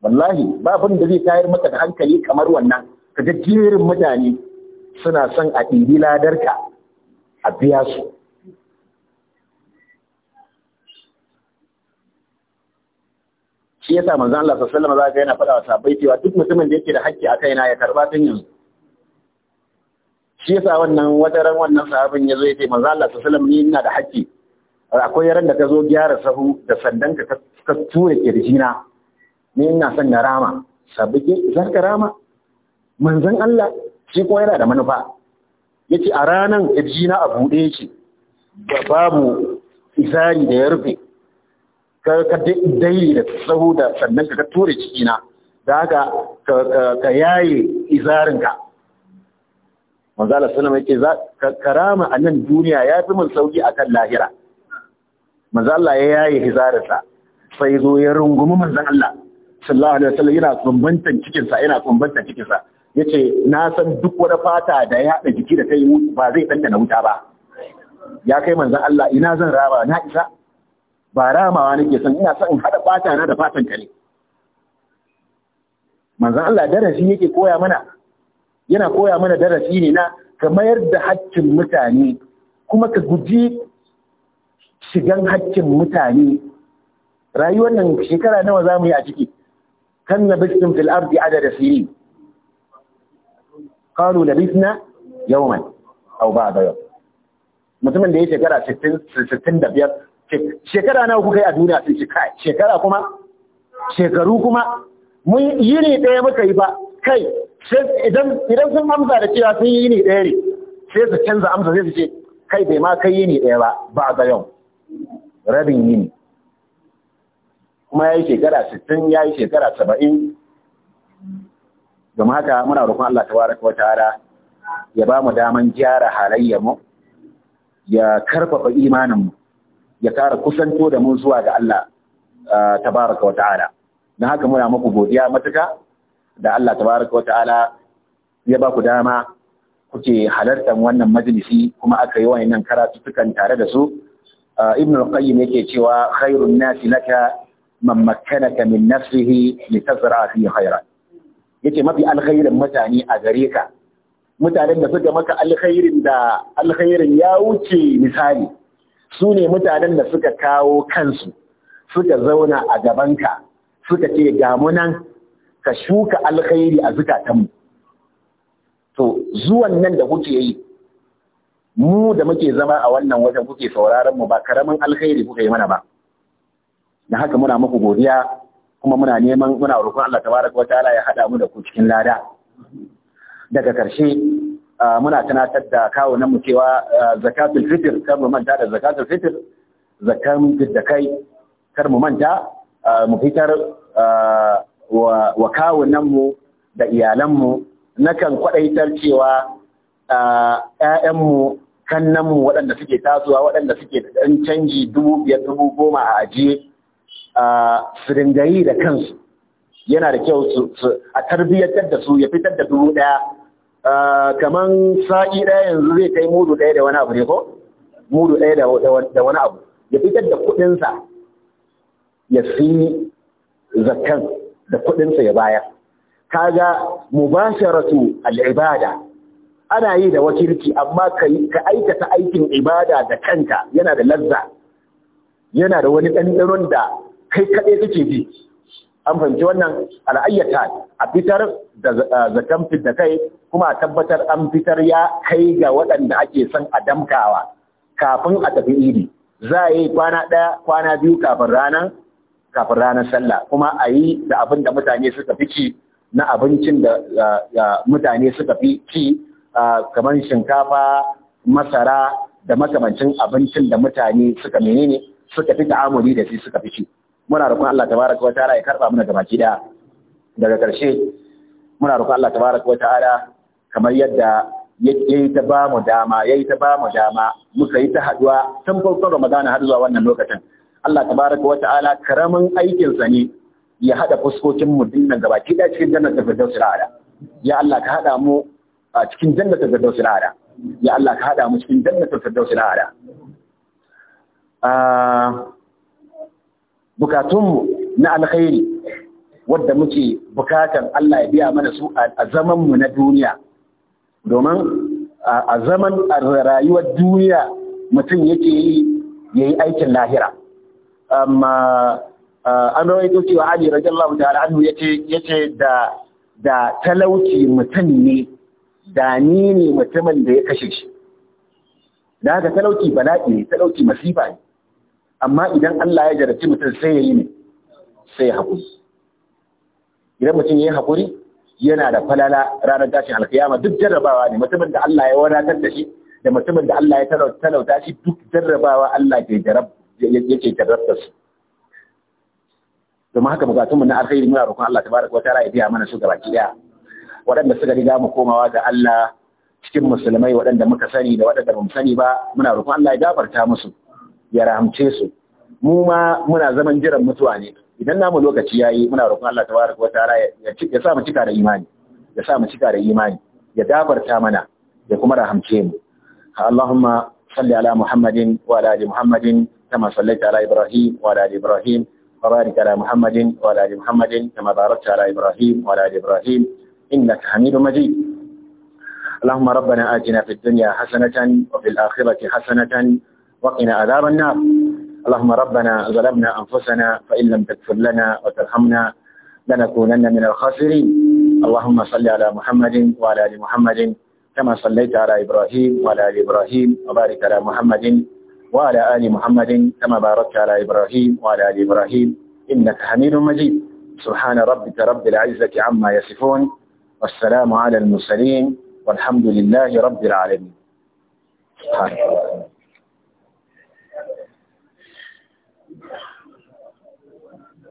wallahi ba abin da zai tayar maka da hankali kamar wannan ka ga jerin mutane suna son a ɗibi ladarka a biya su shi yasa manzo Allah sallallahu alaihi wasallam yana faɗa wa sahabbai cewa duk mutumin da yake da hakki a kaina ya karba tun yanzu shi yasa wannan ran wannan sahabin ya yace manzo Allah sallallahu alaihi wasallam ni ina da hakki akwai yaran da ka zo gyara sahu da sandan ka ka tura kirjina ni ina son na rama ke za ka rama manzon Allah shi ko yana da manufa yace a ranan kirji na a buɗe yake da babu izari da ya rufe ka ka dai da tsaho da sannan ka tura ciki na da haka ka yaye izarin ka manzo Allah sallama yake za ka karama a nan duniya ya fi mun sauki akan lahira manzo Allah ya yaye izarin sa sai zo ya rungumi manzon Allah sallallahu alaihi wasallam yana cikin cikinsa yana cikin cikinsa yace na san duk wani fata da ya haɗa jiki da kai ba zai na wuta ba ya kai manzon Allah ina zan raba na isa ba ramawa nake san ina son in haɗa fata na da fatan ka ne manzon Allah darasi yake koya mana yana koya mana darasi ne na ka mayar da haƙƙin mutane kuma ka guji shigan haƙƙin mutane rayuwar nan shekara nawa za mu yi a ciki كم لبثتم في الأرض عدد سنين قالوا لبثنا يوما أو بعض يوم mutumin da ya shekara 65 shekara na kuka yi a duniya sun kai shekara kuma shekaru kuma mun yi ne ɗaya muka yi ba kai idan sun amsa da cewa sun yi ne ɗaya ne sai su canza amsa sai su ce kai bai ma kai yi ne ɗaya ba ba ga yau rabin yini kuma ya yi shekara 60 ya yi shekara 70 don haka muna roƙon Allah tabaraka wa ta'ala ya ba mu daman gyara mu, ya karfafa imanin mu, ya kara kusanto da mun zuwa ga Allah tabaraka wa ta'ala don haka muna muku godiya matuka da Allah tabaraka wa ta'ala ya ba ku dama kuke halartar wannan majalisi kuma aka yi wayannan tukan tare da su ibn al-qayyim yake cewa khairun nasi laka man makkanaka min nafsihi li tazra fi khairan yace mafi alkhairin mutane a gare ka mutanen da suka maka alkhairin da alkhairin ya wuce misali su ne mutanen da suka kawo kansu suka zauna a gabanka suka ce munan ka shuka alkhairi a zukatanmu to zuwan nan da kuke yi mu da muke zama a wannan wajen kuke sauraron mu ba karamin alkhairi kuka yi mana ba da haka muna muku godiya kuma muna neman muna roƙon Allah tabaraka wa ta'ala ya haɗa mu da ku cikin lada daga ƙarshe muna tunatar da kawo nan mu cewa zakatul fitr kar mu manta da zakatul fitr zakan kai kar mu manta mu fitar wa kawo nan mu da iyalan mu nakan kwadaitar cewa nan mu waɗanda suke tasowa waɗanda suke ɗan canji dubu biyar dubu goma a ajiye su da kansu yana da kyau a tarbiyyar da su ya fitar da duru ɗaya kaman sa'i ɗaya yanzu zai kai mudu ɗaya da wani abu ne ko mudu ɗaya da wani abu ya fitar da kuɗinsa ya fi zakan da kuɗinsa ya bayar kaga mubasharatu al'ibada ana yi da wakilci amma ka aikata aikin ibada da kanka yana da lazza yana da wani ɗanɗanon da kai kaɗai kake ji an fahimci wannan al'ayyata a fitar da zakan da kai kuma a tabbatar an fitar ya kai ga waɗanda ake son a damkawa kafin a tafi iri za a yi kwana ɗaya kwana biyu kafin ranar kafin ranar sallah kuma a yi da abin da mutane suka fi ci na abincin da mutane suka fi ci kamar shinkafa masara da makamancin abincin da mutane suka menene suka fi ta'amuli da shi suka fi ci muna roƙon Allah tabaraka wa ta'ala ya karba mana gabaki da daga ƙarshe muna roƙon Allah tabaraka wa ta'ala kamar yadda yayi ta ba mu dama yayi ta ba mu dama muka yi ta haduwa tun farkon Ramadan har zuwa wannan lokacin Allah tabaraka wa ta'ala karamin aikin sa ne ya hada fuskokin mu dinnan gabaki da cikin da firdaus ala ya Allah ka hada mu a cikin da firdaus ala ya Allah ka hada mu cikin jannatul firdaus ala ah, bukatunmu na alkhairi wadda muke bukatan Allah ya biya mana su a mu na duniya domin a zaman rayuwar duniya mutum yake yi ya yi aikin lahira amma an rawaito cewa Ali radiyallahu ta'ala anhu yace da da talauci mutum ne da ni ne mutumin da ya kashe shi da haka talauci bala'i ne talauci masifa ne amma idan Allah ya jarabci mutum sai ya yi ne sai ya haƙuri idan mutum ya yi haƙuri yana da falala ranar tashin alkiyama duk jarrabawa ne mutumin da Allah ya wadatar da shi da mutumin da Allah ya talauta shi duk jarrabawa Allah ke yake jarrabta su domin haka bukatunmu na alkhairi muna roƙon Allah tabaraka wa ta'ala ya biya mana su gabaki daya waɗanda suka riga mu komawa ga Allah cikin musulmai waɗanda muka sani da waɗanda mu sani ba muna roƙon Allah ya gafarta musu ya rahamce su mu ma muna zaman jiran mutuwa ne idan namu lokaci yayi muna roƙon Allah tabaraka wataala ya ya sa mu cika da imani ya sa mu cika da imani ya dabarta mana ya kuma rahamce mu Allahumma salli ala Muhammadin wa ala ali Muhammadin kama sallaita ala Ibrahim wa ala ali Ibrahim wa barik ala Muhammadin wa ala ali Muhammadin kama barakta ala Ibrahim wa ala ali Ibrahim innaka Hamidum Majid اللهم ربنا آتنا في الدنيا حسنة وفي الآخرة حسنة وقنا عذاب النار اللهم ربنا ظلمنا أنفسنا فإن لم تغفر لنا وترحمنا لنكونن من الخاسرين اللهم صل على محمد وعلى آل محمد كما صليت على إبراهيم وعلى آل إبراهيم وبارك على محمد وعلى آل محمد كما باركت على إبراهيم وعلى آل إبراهيم إنك حميد مجيد سبحان ربك رب العزة عما يصفون والسلام على المرسلين والحمد لله رب العالمين الله